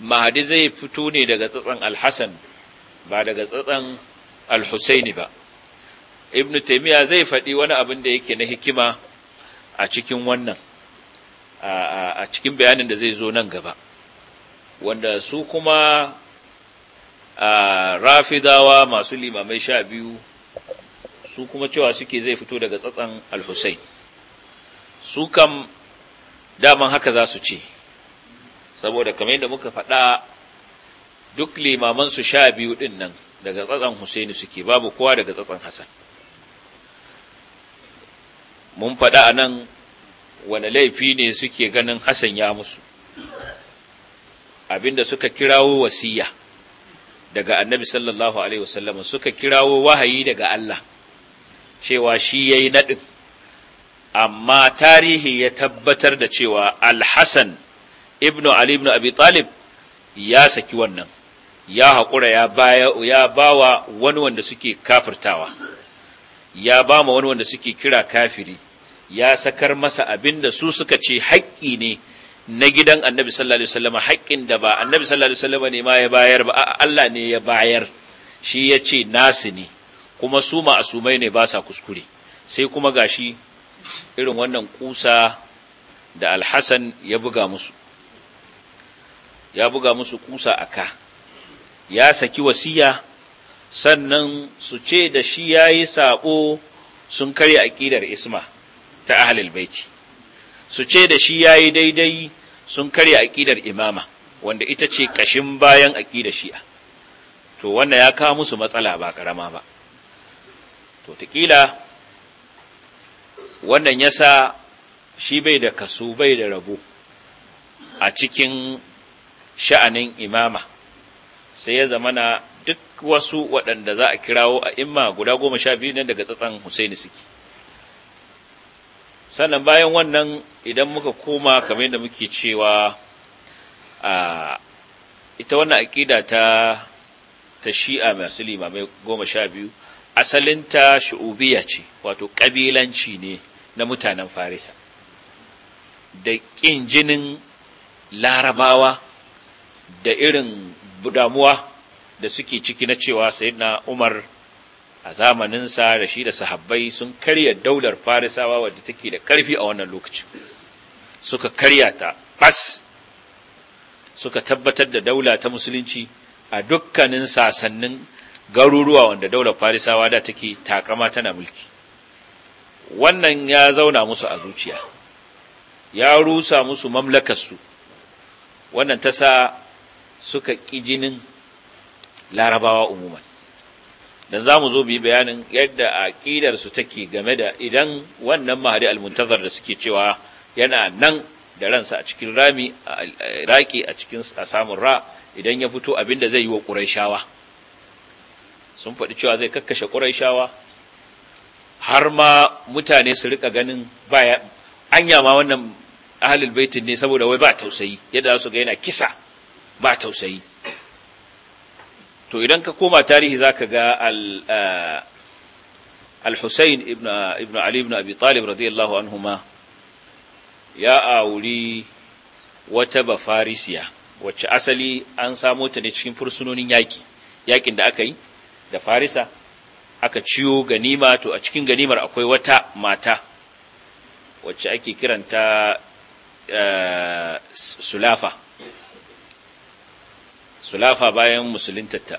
mahadi zai fito ne daga tsatsan alhassan ba daga tsatsan al alhussaini ba ibn taimiyya zai faɗi wani abin da yake na hikima a cikin wannan a cikin bayanin da zai zo nan gaba wanda su kuma a rafidawa masu limamai sha biyu su kuma cewa suke zai fito daga tsatsan alhussain su kam daman haka za su ce saboda kamar yadda muka faɗa duk limaman su sha biyu ɗin nan daga tsatsan Husaini suke babu kowa daga tsatsan Hassan mun faɗa a nan wani laifi ne suke ganin Hassan ya musu abinda suka kirawo wasiya daga annabi sallallahu alaihi wasallam suka kirawo wahayi daga Allah cewa shi yayi naɗin amma tarihi ya tabbatar da cewa al ibnu ali ibnu abi talib ya saki wannan ya haƙura ya baya ya bawa wani wanda suke kafirtawa ya ba ma wani wanda suke kira kafiri ya sakar masa abin da su suka ce haƙƙi ne na gidan annabi sallallahu alaihi wasallam haƙƙin da ba annabi sallallahu alaihi wasallam ne ma ya bayar ba Allah ne ya bayar shi ya ce nasu ne kuma su asumai ne ba sa kuskure sai kuma gashi irin wannan kusa da alhassan ya buga musu ya buga musu kusa ka. ya saki wasiya sannan su ce da shi ya yi sabo sun karya aƙidar isma ta ahlul baiti su ce da shi ya yi daidai sun karya aƙidar imama wanda ita ce ƙashin bayan aqidar shi'a to wannan ya kawo musu matsala ba ƙarama ba to taƙila wannan ya sa shi bai da kaso bai da rabo a cikin sha'anin imama sai ya zamana duk wasu waɗanda za a kirawo a imma guda goma sha biyu nan daga tsatsan Husaini suke sannan bayan wannan idan muka koma kamar yadda muke cewa a ita wannan aƙida ta ta shi'a masu limamai goma sha biyu asalinta shu'ubiya ce wato ƙabilanci ne na mutanen farisa da ƙin jinin larabawa da irin damuwa da suke ciki na cewa sayyidina Umar a zamaninsa da shi da sahabbai sun karya daular farisawa wadda take da karfi a wannan lokacin suka karya ta bas suka tabbatar da daula ta musulunci a dukkanin sasannin garuruwa wanda daular farisawa da take takama tana mulki wannan ya zauna musu a zuciya ya rusa musu su, wannan ta sa suka ƙi jinin larabawa umuman dan za mu zo bi bayanin yadda aƙidarsu take game da idan wannan mahadi almuntazar da suke cewa yana nan da ransa a cikin rami a iraki a cikin samun ra idan ya fito abin da zai yi wa ƙuraishawa sun faɗi cewa zai kakkashe ƙuraishawa har ma mutane su riƙa ganin baya anya ma wannan ahlul baitin ne saboda wai ba tausayi yadda za su ga yana kisa ba tausayi to idan ka koma tarihi za ka ga al Al-Husayn ibn ali ibn abi talib radiyallahu anhuma ya auri wata ba farisiya wacce asali an samo ta ne cikin fursunonin yaƙi yaƙin da aka yi da farisa aka ciwo, ganima to a cikin ganimar akwai wata mata wacce ake kiranta sulafa sulafa bayan musuluntarta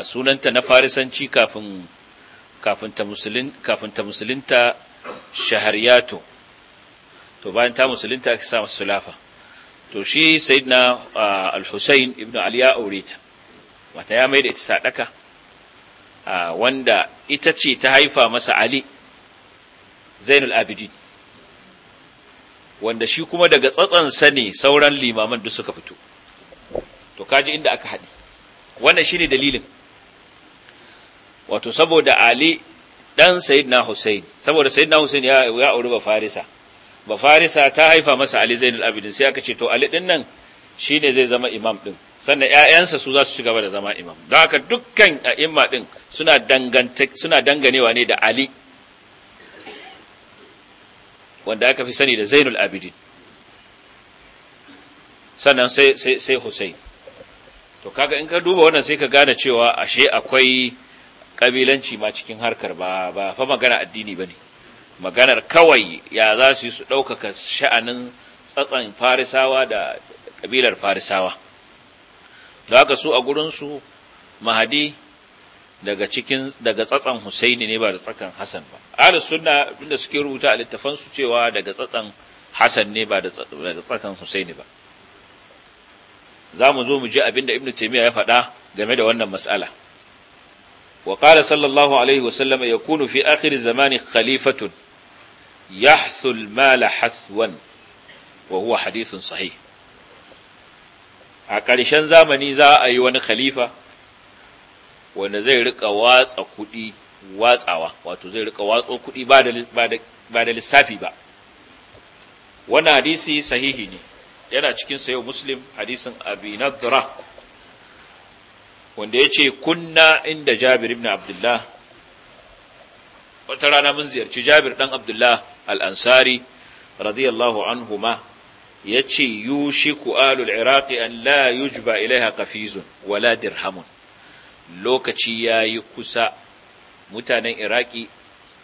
sunanta na farisanci kafin kafin ta musulun kafin to bayan ta musulinta, aka sa sulafa to shi sayyidina al-husayn ibn ali ya mata ya mai da ita sadaka wanda ita ce ta haifa masa ali zainul abidin wanda shi kuma daga tsatsansa ne sauran limaman duk suka fito to kaji inda aka haɗi wannan shine dalilin wato saboda ali dan sayyidina husain saboda sayyidina husain ya ya auri ba farisa ba farisa ta haifa masa ali zainul abidin sai aka ce to ali din nan shine zai zama imam ɗin, sannan ‘ya'yansa su za su ci gaba da zama imam don haka dukkan a'imma ɗin suna danganewa ne da ali wanda aka fi sani da zainul abidin sannan sai hussein to kaga in ka duba wannan sai ka gane cewa ashe akwai kabilanci ma cikin harkar ba ba fa magana addini bane maganar kawai ya za su yi su ɗaukaka sha'anin tsatsan farisawa da kabilar farisawa da haka su a gurinsu mahadi daga cikin daga tsatsan husaini ne ba da tsakan hasan ba ahli sunna inda suke rubuta a littafansu cewa daga tsatsan hasan ne ba da tsakan husaini ba za mu zo mu ji abin da ibnu taymiya ya faɗa game da wannan mas'ala wa ƙala sallallahu alaihi wa sallam yakunu fi akhir zamani khalifatun ya al-mal haswan wa huwa sahih a ƙarshen zamani za a yi wani khalifa wanda zai riƙa watsa kuɗi watsawa wato zai rika watso kuɗi ba da lissafi ba wannan hadisi sahihi ne yana cikin sayo muslim hadisin abi nadra wanda ya ce kunna inda jabir ibn abdullah wata rana mun ziyarci jabir ɗan abdullah ansari radiyallahu anhuma ya ce yushiku alul iraqi an la yujba ilaiha kafizun wala dirhamun lokaci ya yi kusa mutanen iraki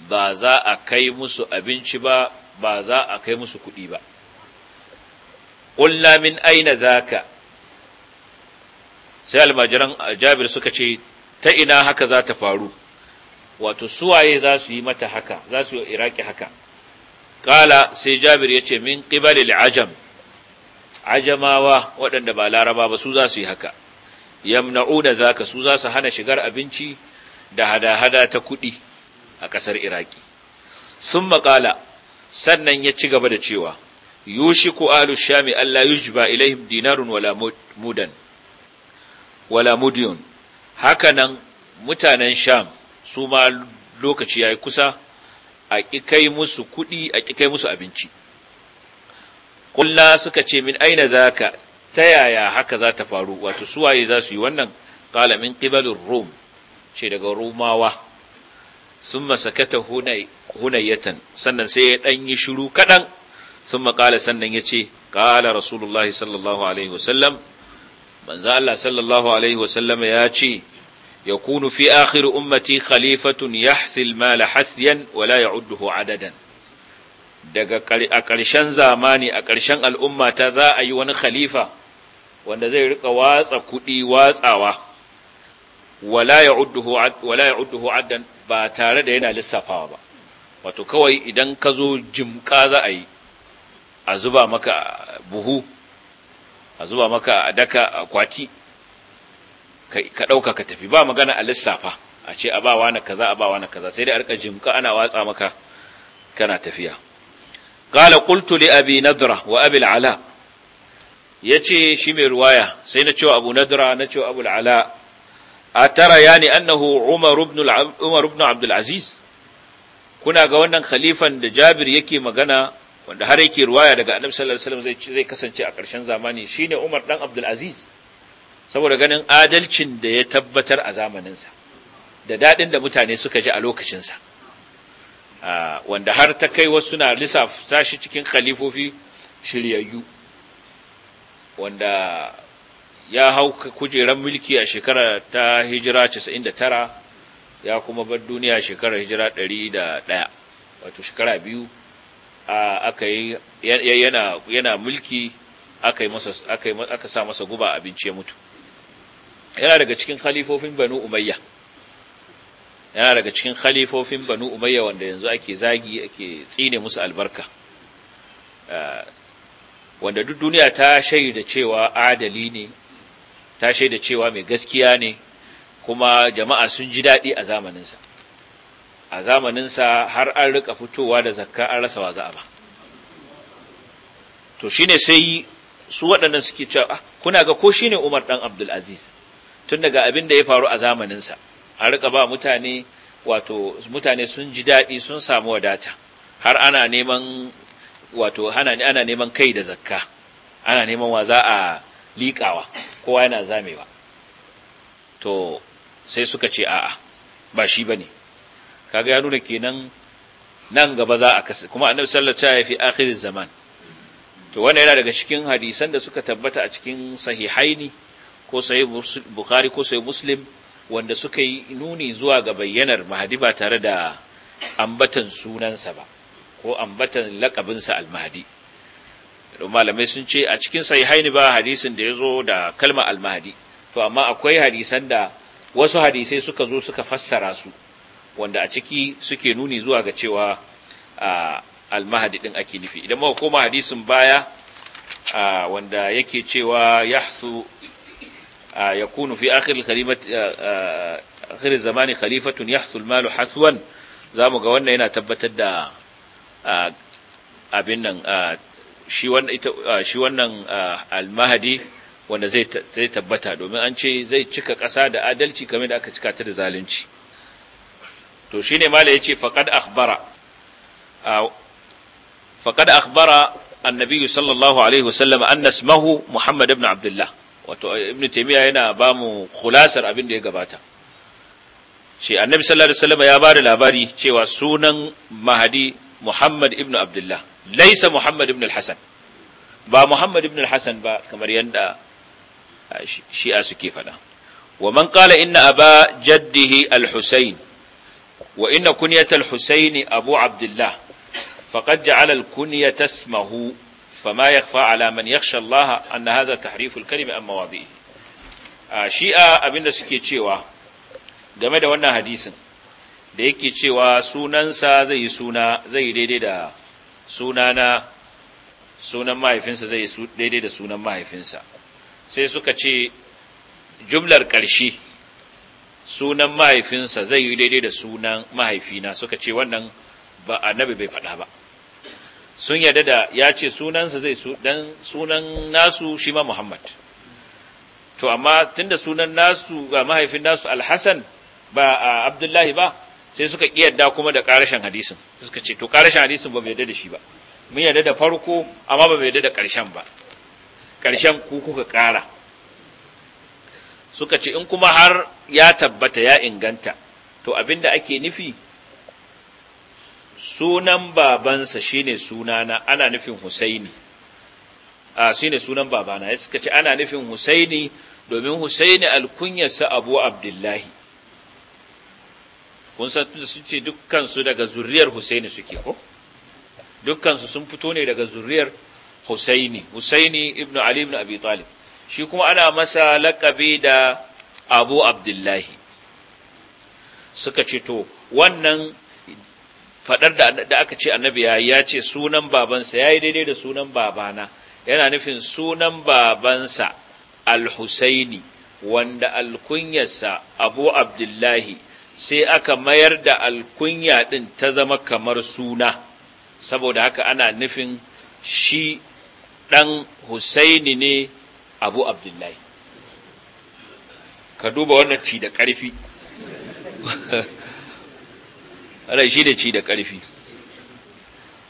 ba za a kai musu abinci ba ba za a kai musu kuɗi ba ƙulla min aina zaka sai almajiran eh, jabir suka ce ta ina haka za ta faru wato suwaye za su yi mata haka za su yi iraki haka ƙala sai jabir ya ce min ƙibalil ajam ajamawa waɗanda ba laraba ba su za su yi haka yamna'una zaka su za su hana shigar abinci da hada-hada ta kuɗi a ƙasar iraki sun maƙala sannan ya ci gaba da cewa yushiku alu shami alla yujba ilaihim dinarun wala mudan wala mudyun haka nan mutanen sham su ma lokaci yayi kusa a kai musu kuɗi a kai musu abinci kullu suka ce min aina zaka ta yaya haka za ta faru wato suwaye za su yi wannan qala min qibalir rum ce daga rumawa sun masakata hunayatan sannan sai ya ɗan yi shiru kaɗan sun maƙala sannan ya ce ƙala rasulullahi sallallahu alaihi wasallam manzo Allah sallallahu alaihi wasallam ya ce ya kunu fi akhir ummati khalifatun ya mala hasyan wala ya ya'udduhu adadan daga a ƙarshen zamani a ƙarshen al'umma ta za a yi wani khalifa wanda zai rika watsa kuɗi watsawa wala ya'udduhu addan ba tare da yana lissafawa ba wato kawai idan ka zo za a yi a zuba maka buhu a zuba maka a daka akwati ka ɗauka ka tafi ba magana a lissafa a ce a bawa na kaza a na kaza sai dai a jimka ana watsa maka kana tafiya qala qultu li abi nadra wa abi ala yace shi mai ruwaya sai na cewa abu nadra na cewa abu ala atara yani annahu umar ibn umar ibn abdul aziz kuna ga wannan khalifan da jabir yake magana wanda har yake ruwaya daga annabi sallallahu alaihi wasallam zai kasance a ƙarshen zamani shine Umar dan Abdul Aziz saboda ganin adalcin da ya tabbatar a zamanin sa da dadin da mutane suka ji a lokacin sa wanda har ta kai wasu na lissaf sashi cikin khalifofi shiryayyu wanda ya hau kujeran mulki a shekara ta hijira 99 ya kuma bar duniya shekarar hijira 101 wato shekara biyu aka yi yana yana mulki aka yi masa aka yi aka sa masa guba abinci ya mutu yana daga cikin khalifofin Banu Umayya yana daga cikin khalifofin Banu Umayya wanda yanzu ake zagi ake tsine musu albarka wanda duk duniya ta shaida cewa adali ne ta shaida cewa mai gaskiya ne kuma jama'a sun ji daɗi a zamaninsa a zamaninsa har an rika fitowa da zakka an rasa wa za'a ba to shine sai su waɗannan suke cewa ah kuna ga ko shine Umar dan Abdul Aziz tun daga abin da ya faru a zamaninsa an rika ba mutane wato mutane sun ji daɗi sun samu wadata har ana neman wato ana neman kai da zakka ana neman wa za a liƙawa kowa yana zamewa to sai suka ce a'a ba shi bane kaga ya nuna kenan nan gaba za a kasa kuma annabi sallallahu alaihi wasallam ya fi akhiriz zaman to wannan yana daga cikin hadisan da suka tabbata a cikin sahihaini ko sahih bukhari ko sahih muslim wanda suka yi nuni zuwa ga bayyanar mahdi ba tare da ambatan sunansa ba ko ambatan lakabinsa al-mahdi don malamai sun ce a cikin sahihaini ba hadisin da ya zo da kalma al-mahdi to amma akwai hadisan da wasu hadisai suka zo suka fassara su wanda a ciki suke nuni zuwa ga cewa al-mahadi din ake nufi idan muka koma hadisin baya wanda yake cewa yahsu yakunu fi akhir al-kalimat akhir zamani khalifatun yahsu al-malu haswan zamu ga wannan yana tabbatar da abin nan shi wannan shi wannan al-mahdi wanda zai tabbata domin an ce zai cika ƙasa da adalci kamar da aka cika ta da zalunci to shine mala yace faqad akhbara faƙad akhbara annabi sallallahu alaihi wasallam anna mahu muhammad ibn abdullah wato eh, ibn taymiya yana ba mu khulasar abin da ya gabata shi annabi sallallahu alaihi wasallam ya ba da labari cewa sunan mahadi muhammad ibn abdullah laisa muhammad ibn al ba muhammad ibn al ba kamar yanda eh, shi'a suke faɗa wa man qala inna aba jaddihi al wa inna kunyatal husaini abu abdullah faqad ja'ala al kunya tasmahu fama yakhfa ala man yakhsha Allah anna hadha tahrif al kalimi an mawadi'i shi'a abinda suke cewa game da wannan hadisin da yake cewa sunansa zai yi suna zai daidai da sunana sunan mahaifinsa zai daidai da sunan mahaifinsa sai suka ce jumlar ƙarshe sunan mahaifinsa zai yi daidai da sunan mahaifina suka ce wannan ba annabi bai faɗa ba sun yarda da ya ce sunansa zai dan sunan nasu shi ma Muhammad to amma tunda sunan nasu ga mahaifin nasu Al-Hasan ba Abdullahi ba sai suka kiyarda kuma da karashin hadisin suka ce to karashin hadisin ba bai yarda da shi ba mun yarda da farko amma ba bai yarda da karshen ba karshen ku kuka ƙara. suka ce in kuma har ya tabbata ya inganta to abinda ake nufi sunan babansa shine sunana ana nufin Husaini a shine sunan babana ya suka ce ana nufin Husaini domin Husaini alkunyarsa Abu Abdullahi kun san su ce dukkan su daga zuriyar Husaini suke ko dukkan su sun fito ne daga zuriyar Husaini Husaini ibn Ali ibn Abi Talib shi kuma ana masa laƙabi da abu abdullahi suka ce to wannan faɗar da aka ce annabi ya ya ce sunan babansa ya yi daidai da sunan babana yana nufin sunan babansa al-husaini wanda alkunyarsa abu abdullahi sai aka mayar da alkunya ɗin ta zama kamar suna saboda haka ana nufin shi ɗan husaini ne abu abdullahi ka duba wannan ci da ƙarfi wannan shi da ci da ƙarfi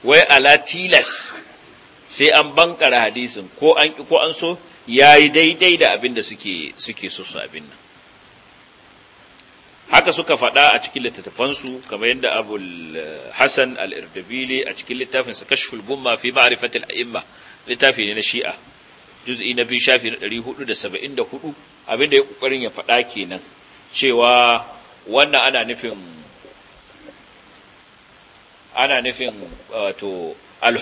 wai ala tilas sai an bankara hadisin ko an ko an so yayi daidai da abin da suke suke so su abin nan haka suka faɗa a cikin littattafansu kamar yadda abul eh, hasan al-irdabili a cikin littafinsa kashful gumma fi a'imma littafi ne na shi'a juz'i na biyu shafi na hudu abinda ya ƙoƙarin ya faɗa kenan cewa wannan ana nufin ana nufin wato al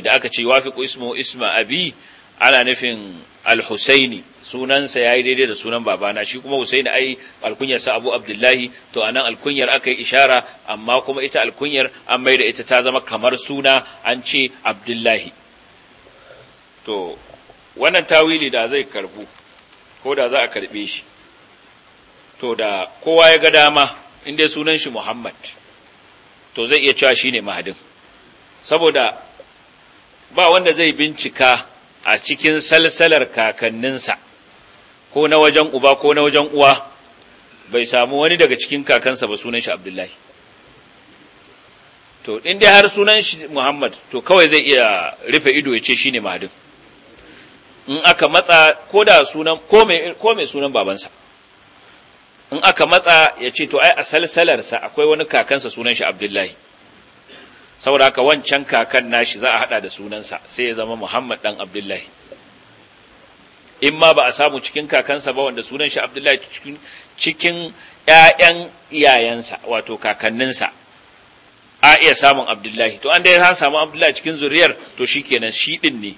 da aka ce wafiqu ismu isma abi ana nufin al-Husaini sunansa yayi daidai da sunan babana shi kuma Husaini ai alkunyar sa Abu Abdullahi to anan alkunyar aka yi ishara amma kuma ita alkunyar an maida ita ta zama kamar suna an ce Abdullahi to wannan tawili da zai karbu ko da za a karbe shi to da kowa ya ga dama inda sunan shi Muhammad to zai iya cewa shine mahadin saboda ba wanda zai bincika a cikin salsalar kakanninsa ko na wajen uba ko na wajen uwa bai samu wani daga cikin kakansa ba sunan shi Abdullahi to in har sunan shi Muhammad to kawai zai iya rufe ido ya ce shine mahadin in aka matsa ko da sunan ko mai sunan babansa in aka matsa ya ce to ai a salsalarsa akwai wani kakansa sunan shi abdullahi saboda haka wancan kakan nashi za a hada da sunansa sai ya zama muhammad dan abdullahi in ma ba a samu cikin kakansa ba wanda sunan shi abdullahi cikin ƴaƴan iyayensa wato kakanninsa a iya samun abdullahi to an dai ya samu abdullahi cikin zuriyar to shi shi ɗin ne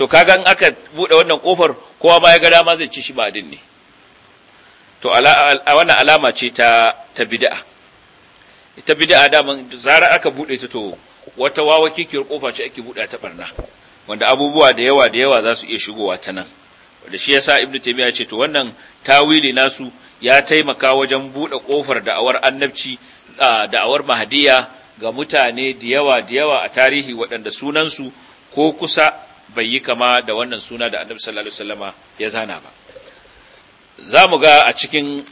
to kaga in aka bude wannan kofar kowa ma ya ga dama zai ci shi ba din ne to wannan alama ce ta ta bid'a ita bid'a daman zara aka bude ta to wata wawa kiyar kofa ce ake buɗa ta barna wanda abubuwa da yawa da yawa za su iya shigowa ta nan wanda shi yasa ibnu taymiya ce to wannan tawili nasu ya taimaka wajen buɗe kofar da'awar annabci da'awar mahdiya ga mutane da yawa da yawa a tarihi waɗanda sunansu ko kusa bai yi kama da wannan suna da annabi sallallahu alaihi ya zana ba za mu ga a cikin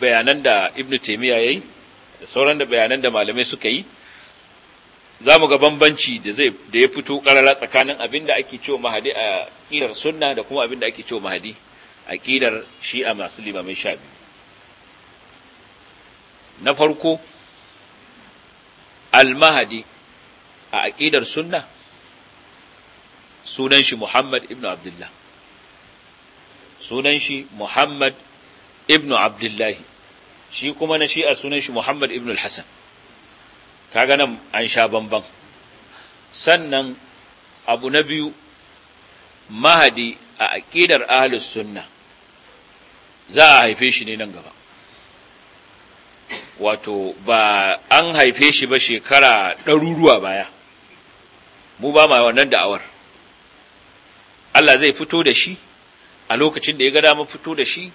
bayanan da ibnu taimiyya yayi yi da sauran da bayanan da malamai suka yi za mu ga bambanci da zai da ya fito karara tsakanin abin da ake cewa mahadi a kidar sunna da kuma abin da ake cewa mahadi a kidar shi'a masu limamai sha biyu na farko al-mahadi a aƙidar sunna sunan shi Muhammad ibn Abdullah sunan shi Muhammad ibn Abdullah shi kuma na shi'a sunan shi Muhammad ibn al-Hasan kaga nan an sha bamban sannan abu na biyu mahadi a aqidar ahlus sunna za a haife shi ne nan gaba wato ba an haife shi ba shekara ɗaruruwa baya mu ba ma wannan da'awar Allah zai fito da shi a lokacin da ya ga dama fito da shi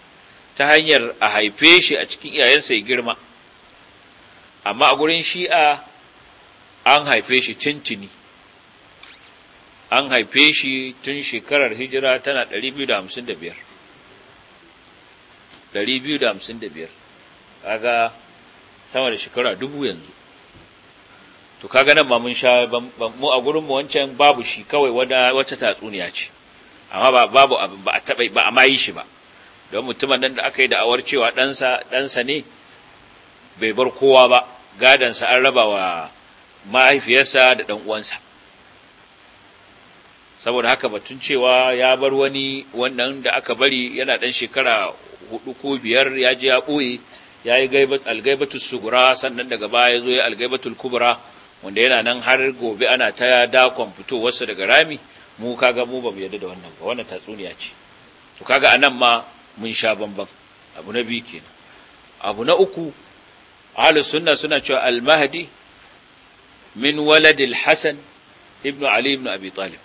ta hanyar a haife shi a cikin iyayensa ya girma amma a gurin shi'a an haife shi tintini an haife shi tun shekarar hijira tana 255 kaga sama da shekara dubu yanzu to kaga nan ma mun sha mu a gurin mu wancan babu shi kawai wata tatsuniya ce amma ba babu abin ba a taɓa ba a ma shi ba don mutumin nan da aka yi da'awar cewa ɗansa ɗansa ne bai bar kowa ba gadansa an raba wa mahaifiyarsa da ɗan uwansa saboda haka batun cewa ya bar wani wannan da aka bari yana ɗan shekara hudu ko biyar ya je ya ɓoye ya yi algaibatul sugura sannan daga baya ya zo ya algaibatul kubra wanda yana nan har gobe ana ta dakon fitowarsa daga rami mu kaga mu ba mu yarda da wannan ba wannan tatsuniya ce to kaga anan ma mun sha bamban abu na biyu kenan abu na uku ahlus sunna suna cewa al-mahdi min walad al-hasan ibn ali ibn abi talib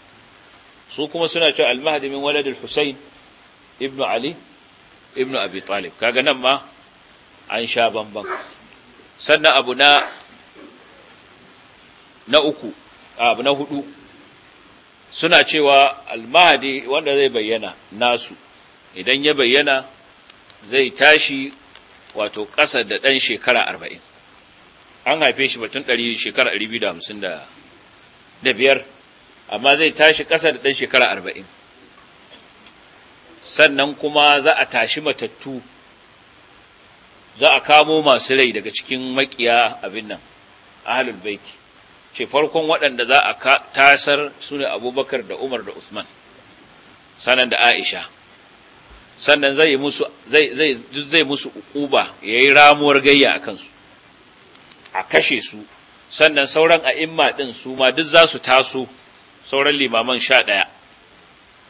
su kuma suna cewa al-mahdi min walad al-husayn ibn ali ibn abi talib kaga nan ma an sha bamban sannan abu na na uku abu na hudu suna cewa almahadi wanda zai bayyana nasu idan ya bayyana zai tashi wato ƙasa da ɗan shekara arba'in an haife shi batun ɗari shekara ɗari biyu da hamsin da biyar amma zai tashi ƙasa da ɗan shekara arba'in sannan kuma za a tashi matattu za a kamo masu rai daga cikin maƙiya abin nan ahalul baiti ce farkon waɗanda za a tasar su ne abubakar da umar da usman sanan da aisha sannan zai musu zai zai musu yayi ramuwar gayya a kansu a kashe su sannan sauran a'imma ɗin su ma duk za su taso sauran limaman sha ɗaya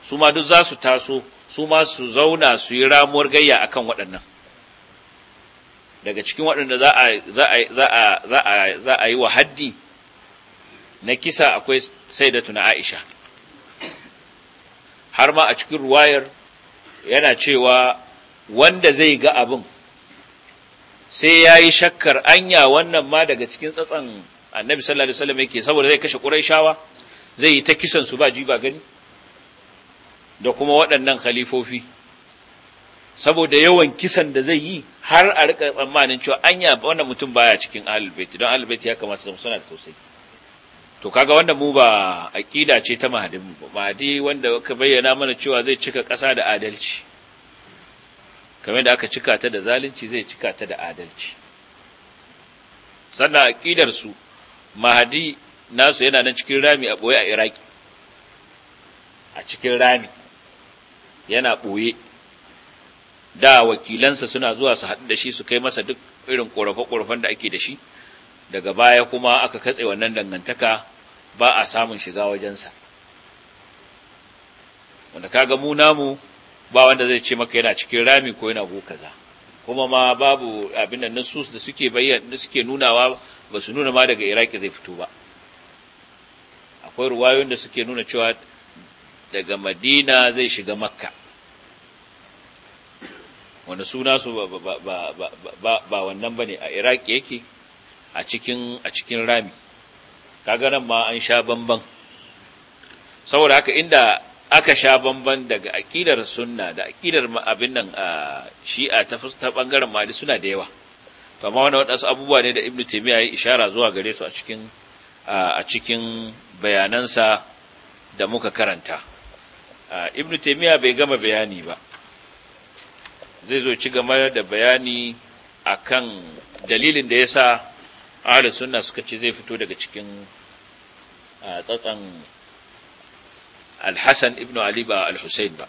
su ma duk za su taso su ma su zauna su yi ramuwar gayya a kan waɗannan daga cikin waɗanda za a yi wa haddi na kisa akwai saidatu tuna Aisha har ma a cikin ruwayar yana cewa wanda zai ga abin sai ya yi shakkar anya wannan ma daga cikin tsatsan annabi sallallahu alaihi wasallam yake saboda zai kashe ƙuraishawa zai yi ta kisan su ba ji ba gani da kuma waɗannan khalifofi saboda yawan kisan da zai yi har a rika tsammanin cewa anya wannan mutum baya cikin ahlul don ahlul ya kamata su suna da tausayi to kaga wanda mu ba aqida ce ta mahadin mu mahadi wanda ka bayyana mana cewa zai cika ƙasa da adalci kamar da aka cika ta da zalunci zai cika ta da adalci sannan aqidar su mahadi nasu yana nan cikin rami a boye a iraki a cikin rami yana boye da wakilansa suna zuwa su haɗu da shi su kai masa duk irin ƙorafe-ƙorafen da ake da shi daga baya kuma aka katse wannan dangantaka ba a samun shiga wajensa wanda kaga mu namu ba wanda zai ce maka yana cikin rami ko yana go kaza kuma ma babu abin da nasus da suke bayyana suke nunawa ba su nuna ma daga iraki zai fito ba akwai ruwayoyin da suke nuna cewa daga madina zai shiga makka wanda suna su ba, ba, wannan ba ne a iraki yake a cikin rami kaga nan ma an sha bamban saboda haka inda aka sha bamban daga aƙidar sunna da aƙidar abin nan a shi'a ta ta bangaren mali suna da yawa to amma wannan wadansu abubuwa ne da ibnu taymiya ya ishara zuwa gare su a cikin a cikin bayanansa da muka karanta ibnu taymiya bai gama bayani ba zai zo ci gaba da bayani akan dalilin da yasa ahli sunna suka ce zai fito daga cikin tsatsan al-Hasan ibn Ali ba al-Husayn ba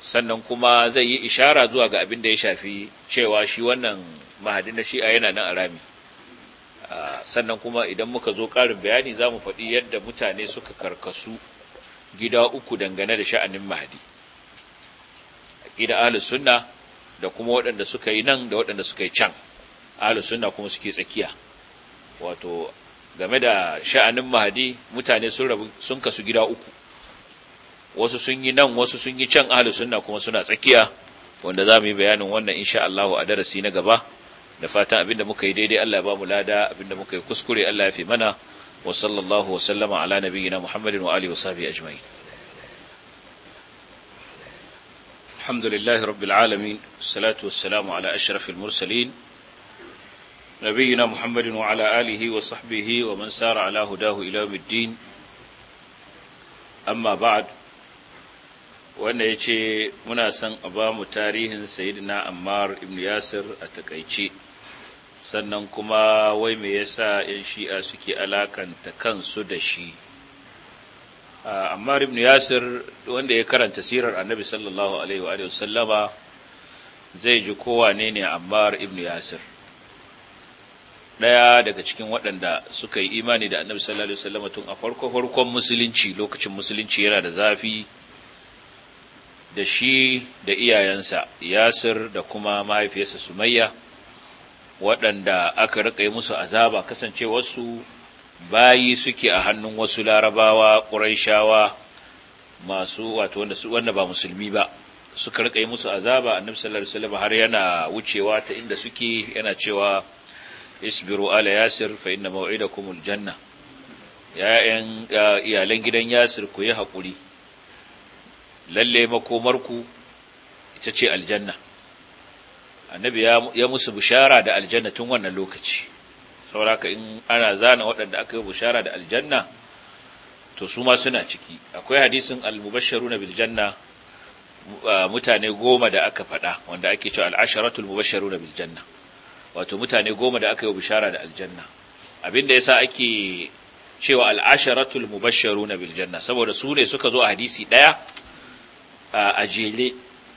sannan kuma zai yi ishara zuwa ga abin da ya shafi cewa shi wannan mahadi na shi'a yana nan a rami sannan kuma idan muka zo ƙarin bayani za mu faɗi yadda mutane suka karkasu gida uku dangane da sha'anin mahadi gida ahlus sunna da kuma waɗanda suka yi nan da waɗanda suka yi can ahlus sunna kuma suke tsakiya wato game da sha'anin mahadi mutane sun rabu sun kasu gida uku wasu sun yi nan wasu sun yi can ahlus sunna kuma suna tsakiya wanda za mu yi bayanin wannan insha Allah a darasi na gaba da fatan abinda muka yi daidai Allah ya ba mu lada abinda muka yi kuskure Allah ya fi mana wa sallallahu wa sallama ala nabiyyina Muhammadin wa alihi wa sahbihi ajma'in alhamdulillahi rabbil alamin salatu wassalamu ala ashrafil mursalin نبينا محمد وعلى آله وصحبه ومن سار على هداه إلى يوم الدين أما بعد wanda ya ce muna son a ba tarihin sayidina ammar ibn yasir a takaici sannan kuma wai me yasa yan shi'a suke alakanta kansu da shi ammar ibn yasir wanda ya karanta sirar annabi sallallahu zai ji kowa ne ne ammar ibn yasir ɗaya daga cikin waɗanda suka yi imani da annabi sallallahu alaihi wasallam tun a farko farkon musulunci lokacin musulunci yana da zafi da shi da iyayensa yasir da kuma mahaifiyarsa sumayya waɗanda aka rika yi musu azaba wasu bayi suke a hannun wasu larabawa ƙuraishawa masu wato wanda su wanda ba musulmi ba suka rika yi musu azaba annabi sallallahu alaihi wasallam har yana wucewa ta inda suke yana cewa isbiru ala yasir fa inna aljanna ya ya'yan iyalan gidan yasir ku yi haƙuri lalle makomarku ita ce aljanna annabi ya musu bushara da aljanna tun wannan lokaci sauraka in ana zana waɗanda aka yi bushara da aljanna to su ma suna ciki akwai hadisin al-mubashsharu na biljanna mutane goma da aka faɗa wanda ake cewa al-asharatul mubashsharuna na biljanna wato mutane goma da aka yi bishara da aljanna abinda yasa ake cewa al'asharatul mubashsharuna bil biljanna saboda su ne suka zo a hadisi daya a jele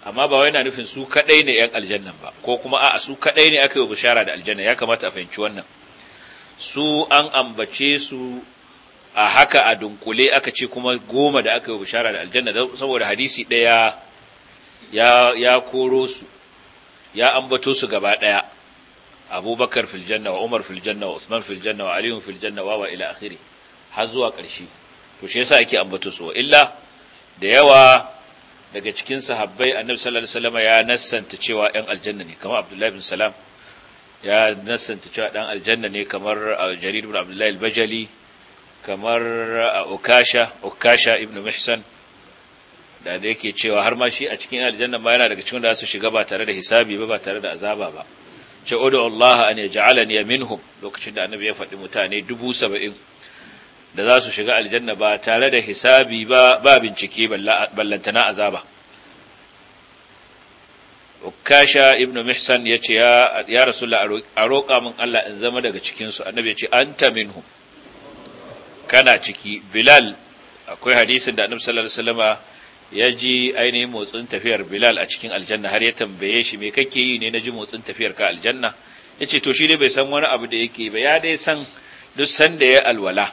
amma ba wai na nufin su kadai ne yan aljannan ba ko kuma a su kadai ne aka yi bishara da aljanna ya kamata a fahimci wannan su an ambace su a haka a dunkule aka ce kuma goma da aka yi bishara da aljanna saboda hadisi daya ya ya koro su ya ambato su gaba ɗaya. abubakar fil janna wa umar fil janna wa usman fil janna wa aliyu fil janna wa wa ila akhiri har zuwa ƙarshe to shi yasa ake ambato su illa da yawa daga cikin sahabbai annabi sallallahu alaihi wasallam ya nassanta cewa ɗan aljanna ne kamar abdullahi bin salam ya nassanta cewa ɗan aljanna ne kamar uh, jarir bin abdullahi al-bajali kamar uh, ukasha ukasha ibn mihsan da da yake cewa har ma shi a cikin aljanna ma yana daga cikin da su shiga ba tare da hisabi ba ba tare da azaba ba ce odo Allah an a minhum lokacin da annabi ya faɗi mutane dubu saba'in da za su shiga aljanna ba tare da hisabi ba ba bincike ballantana azaba Ukasha ibn Mihsan ya ce ya Rasulullah a roƙa min Allah in zama daga cikinsu annabi ya ce anta minhum kana ciki Bilal akwai hadisin da annabi sallallahu alaihi wasallama ya ji ainihin motsin tafiyar bilal a cikin aljanna har ya tambaye shi me kake yi ne na ji motsin tafiyar ka aljanna ya ce to shi dai bai san wani abu da yake ba ya dai san duk sanda ya alwala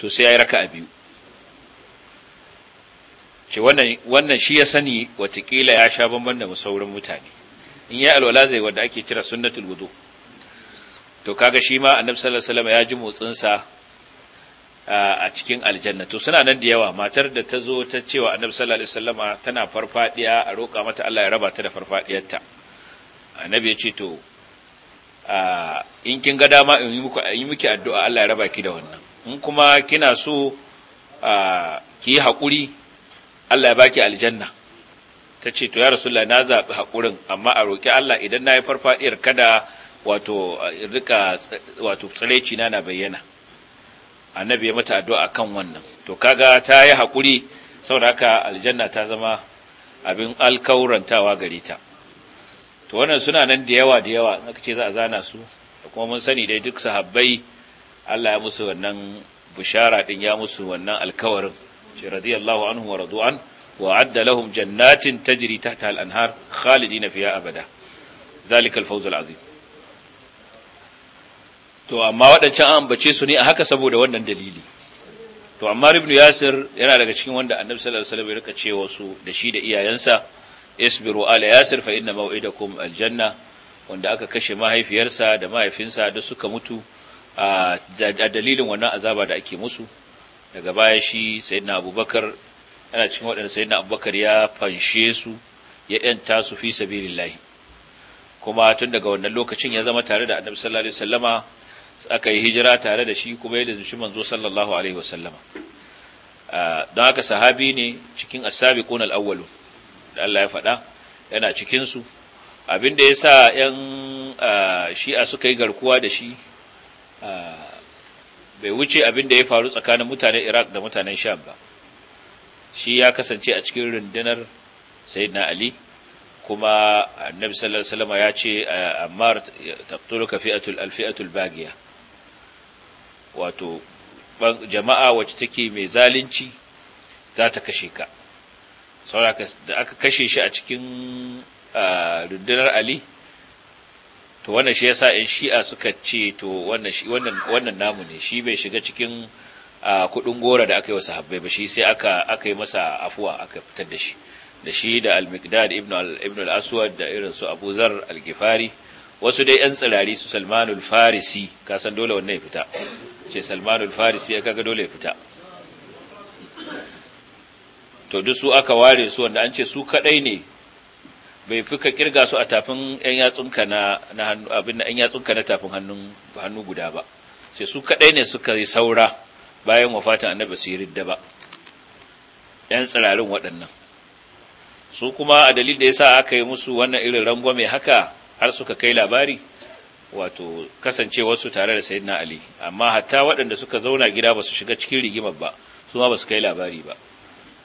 to sai ya yi raka a biyu ce wannan shi ya sani watakila ya sha bamban da sauran mutane in ya alwala zai wanda ake kira sunnatul wudu to kaga shi ma annabi sallallahu alaihi wasallam ya ji motsin sa a cikin aljanna to suna nan da yawa matar da ta zo ta cewa annabi sallallahu alaihi wasallama tana farfadiya a roƙa mata Allah ya raba ta da farfadiyarta annabi ya ce to in kin ga dama in yi miki addu'a Allah ya raba ki da wannan in kuma kina so ki yi haƙuri Allah ya baki aljanna ta ce to ya rasulullah na zaɓi haƙurin amma a roƙi Allah idan na yi farfadiyar kada wato rika wato tsareci na na bayyana annabi ya mata addu'a akan wannan to kaga ta yi hakuri saboda haka aljanna ta zama abin alkaurantawa gare ta to wannan suna nan da yawa da yawa aka ce za a zana su da kuma mun sani dai duk sahabbai Allah ya musu wannan bushara din ya musu wannan alkawarin ce radiyallahu anhu wa radu'an wa adda lahum jannatin tajri tahta al-anhar khalidina fiha abada zalika al-fawz al-azim to amma waɗancan an ambace su ne a haka saboda wannan dalili to amma ibn yasir yana daga cikin wanda annabi sallallahu alaihi wasallam ya rika cewa su da shi da iyayensa isbiru ala yasir fa inna maw'idakum aljanna wanda aka kashe mahaifiyarsa da mahaifinsa da suka mutu a dalilin wannan azaba da ake musu daga baya shi sayyidina abubakar yana cikin waɗanda sayyidina abubakar ya fanshe su ya yanta su fi sabilillahi kuma tun daga wannan lokacin ya zama tare da annabi sallallahu alaihi wasallama aka yi hijira tare da shi kuma ya lizumci manzo sallallahu alaihi wasallama ah, don haka sahabi ne cikin as-sabiqun al da Allah ya faɗa yana cikin su abinda yasa yan ah, shi'a suka yi garkuwa da shi ah, bai wuce abinda ya faru tsakanin mutanen Iraq da mutanen Sham ba shi ya kasance a cikin rundunar sayyidina Ali kuma annabi sallallahu alaihi ya ce ammar taqtuluka fi'atul alfi'atul bagiya wato jama'a wacce take mai zalunci za ta kashe ka sauraka da aka kashe shi a cikin rundunar ali to wannan shi yasa in shi'a suka ce to wannan namu ne shi bai shiga cikin kudin gora da aka yi wa habbai ba shi sai aka yi masa afuwa aka fitar da shi da shi da al mikdad ibn al-aswad da irin su abu zar al-gifari wasu dai yan tsirari su salmanul farisi kasan dole wannan ya fita ce salmanul farisi ya kaga dole ya fita to duk su aka ware su wanda an ce su kadai ne bai fi ka kirga su a tafin yan yatsunka na hannu abin yan yatsunka na tafin hannu guda ba ce su kadai ne suka yi saura bayan wafatin annabi su yi ba yan tsirarin waɗannan su kuma a dalil da yasa aka yi musu wannan irin rangwame haka har suka kai labari wato kasancewarsu tare da sayyidina ali amma hatta waɗanda suka zauna gida ba su shiga cikin rigimar ba su ma ba su kai labari ba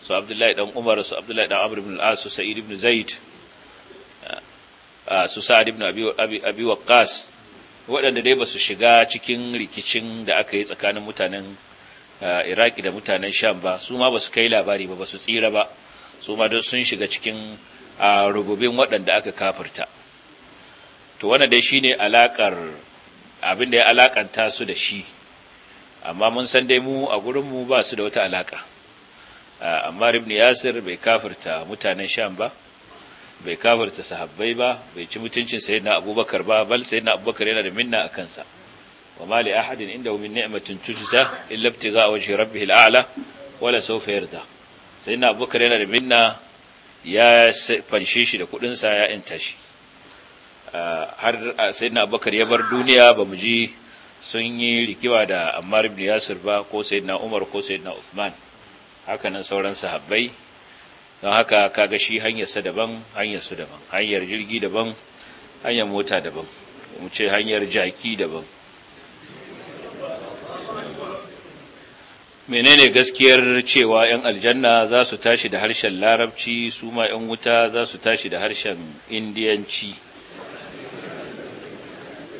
su abdullahi dan umar su abdullahi dan amr ibn al-as su sa'id ibn zaid su sa'ad ibn abi abi waqqas waɗanda dai ba su shiga cikin rikicin da aka yi tsakanin mutanen iraki da mutanen sham ba su ma ba su kai labari ba ba su tsira ba su ma don sun shiga cikin rububin waɗanda aka kafirta to wannan dai shine alakar abin da ya alakanta su da shi amma mun san dai mu a gurin mu ba su da wata alaka amma ibn yasir bai kafirta mutanen sham ba bai kafirta sahabbai ba bai ci mutuncin sayyidina abubakar ba bal sayyidina abubakar yana da minna akan sa wa ma li ahadin inda min ni'matin tujza illa ibtigha wajhi rabbih al'ala wala sawfa yarda sayyidina abubakar yana da minna ya fanshe shi da kudin sa ya inta shi Uh, har uh, na abubakar ya bar duniya ba mu ji sun yi rikiwa da ammar ibn yasir ba ko sai na umar ko sai Usman. uthman nan sauran sahabbai don haka kaga shi hanyarsa daban hanyar daban hanyar jirgi daban hanyar mota daban mu ce hanyar jaki daban menene gaskiyar cewa 'yan aljanna za su tashi da harshen larabci su ma 'yan wuta za su tashi da harshen indiyanci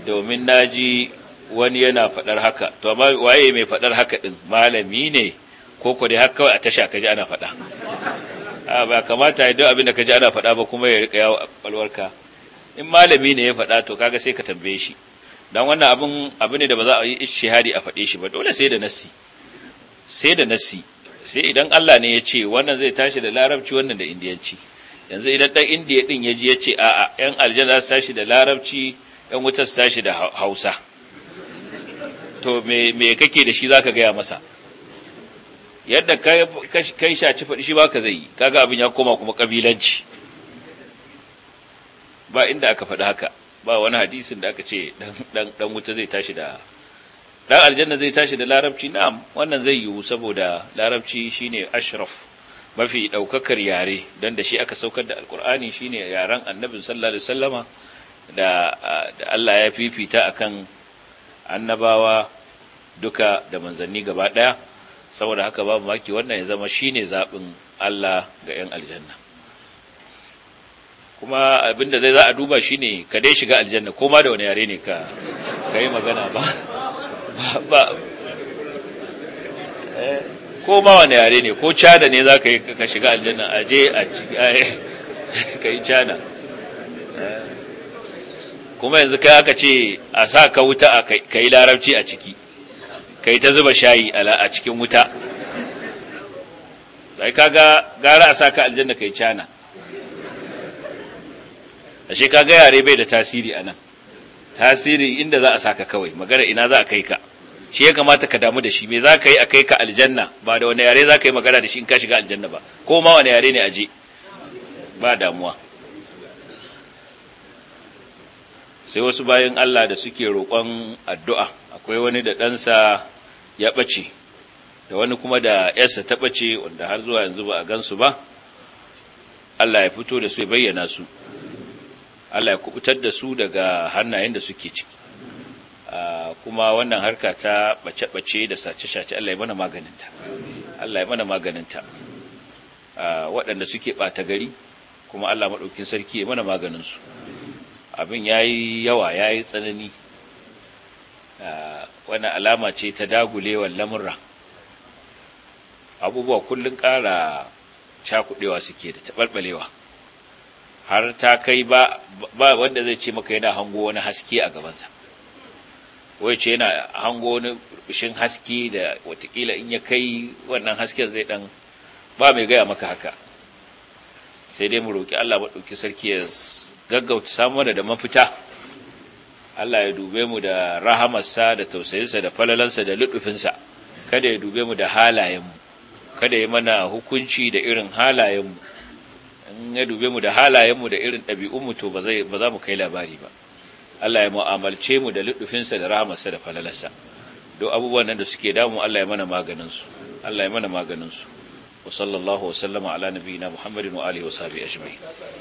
domin naji wani yana faɗar haka to amma waye mai faɗar haka ɗin malami ne ko ko dai haka kawai a tasha kaji ana faɗa a ba kamata ya duk abin da kaji ana faɗa ba kuma ya rika yawo a kwalwarka in malami ne ya faɗa to kaga sai ka tambaye shi dan wannan abin abu ne da ba za a yi ishihadi a faɗe shi ba dole sai da nassi sai da nassi sai idan Allah ne ya ce wannan zai tashi da larabci wannan da indiyanci yanzu idan dan indiya din ya ji ya ce a'a yan aljanna su tashi da larabci yan wutar su tashi da hausa to me kake da shi za ka gaya masa yadda kai shaci faɗi shi ba ka zai yi kaga abin ya koma kuma ƙabilanci ba inda aka faɗi haka ba wani hadisin da aka ce ɗan wuta zai tashi da ɗan aljanna zai tashi da larabci na'am wannan zai yiwu saboda larabci shi ne ashraf mafi ɗaukakar yare don da shi aka saukar da alkur'ani ne yaren annabin sallallahu alaihi wasallama da Allah ya fifita akan annabawa duka da manzanni gaba ɗaya saboda haka babu maki wannan ya zama shine zaɓin Allah ga 'yan aljanna kuma abinda zai za a duba shine ka dai shiga aljanna ko ma da wani yare ne ka yi magana ba ba eh, ko ma wani yare ne ko cana ne za ka yi ka shiga aljanna a a ka yi cana kuma yanzu kai aka ce a sa ka wuta ka yi larabci a ciki ka yi ta zuba shayi a cikin wuta sai ka ga gara a sa ka aljanna ka yi cana ashe ka ga yare bai da tasiri a nan tasiri inda za a sa ka kawai magana ina za a kai ka shi ya kamata ka damu da shi me za ka yi a kai ka aljanna ba da wani yare za ka yi magana da shi in ka shiga aljanna ba ko ma wani yare ne aje ba damuwa sai wasu bayan Allah da suke roƙon addu'a akwai wani da ɗansa ya ɓace da wani kuma da ‘yarsa ta ɓace wanda har zuwa yanzu ba a gansu ba Allah ya fito da su ya bayyana su Allah ya kubutar da su daga hannayen da suke ciki kuma wannan harka ta ɓace-ɓace da sace-sace Allah ya mana maganinta Allah ya mana maganinta waɗanda suke ɓata gari kuma Allah maɗaukin sarki ya mana maganinsu abin ya yi yawa ya yi tsanani ah, wani alama ce ta dagulewar lamurra abubuwa kullum ƙara cakuɗewa suke da taɓarɓalewa har ta kai ba wanda zai ce maka yana hango wani haske a gabansa wai ce yana hango wani shin haske da watakila in ya kai wannan hasken zai ɗan ba mai gaya maka haka sai dai mu roƙi Allah ɗauki sarki ya gaggauta samuwa da mafita Allah ya dube mu da rahamarsa da tausayinsa da falalansa da luɗufinsa kada ya dube mu da halayenmu kada ya mana hukunci da irin halayenmu in ya dube mu da halayenmu da irin ɗabi'unmu to ba za mu kai labari ba Allah ya mu'amalce mu da luɗufinsa da rahamarsa da falalarsa don abubuwan nan da suke damu Allah ya mana maganinsu Allah ya mana maganinsu wa sallallahu wa sallama ala nabiyina Muhammadin wa alihi wa sahbihi ajma'in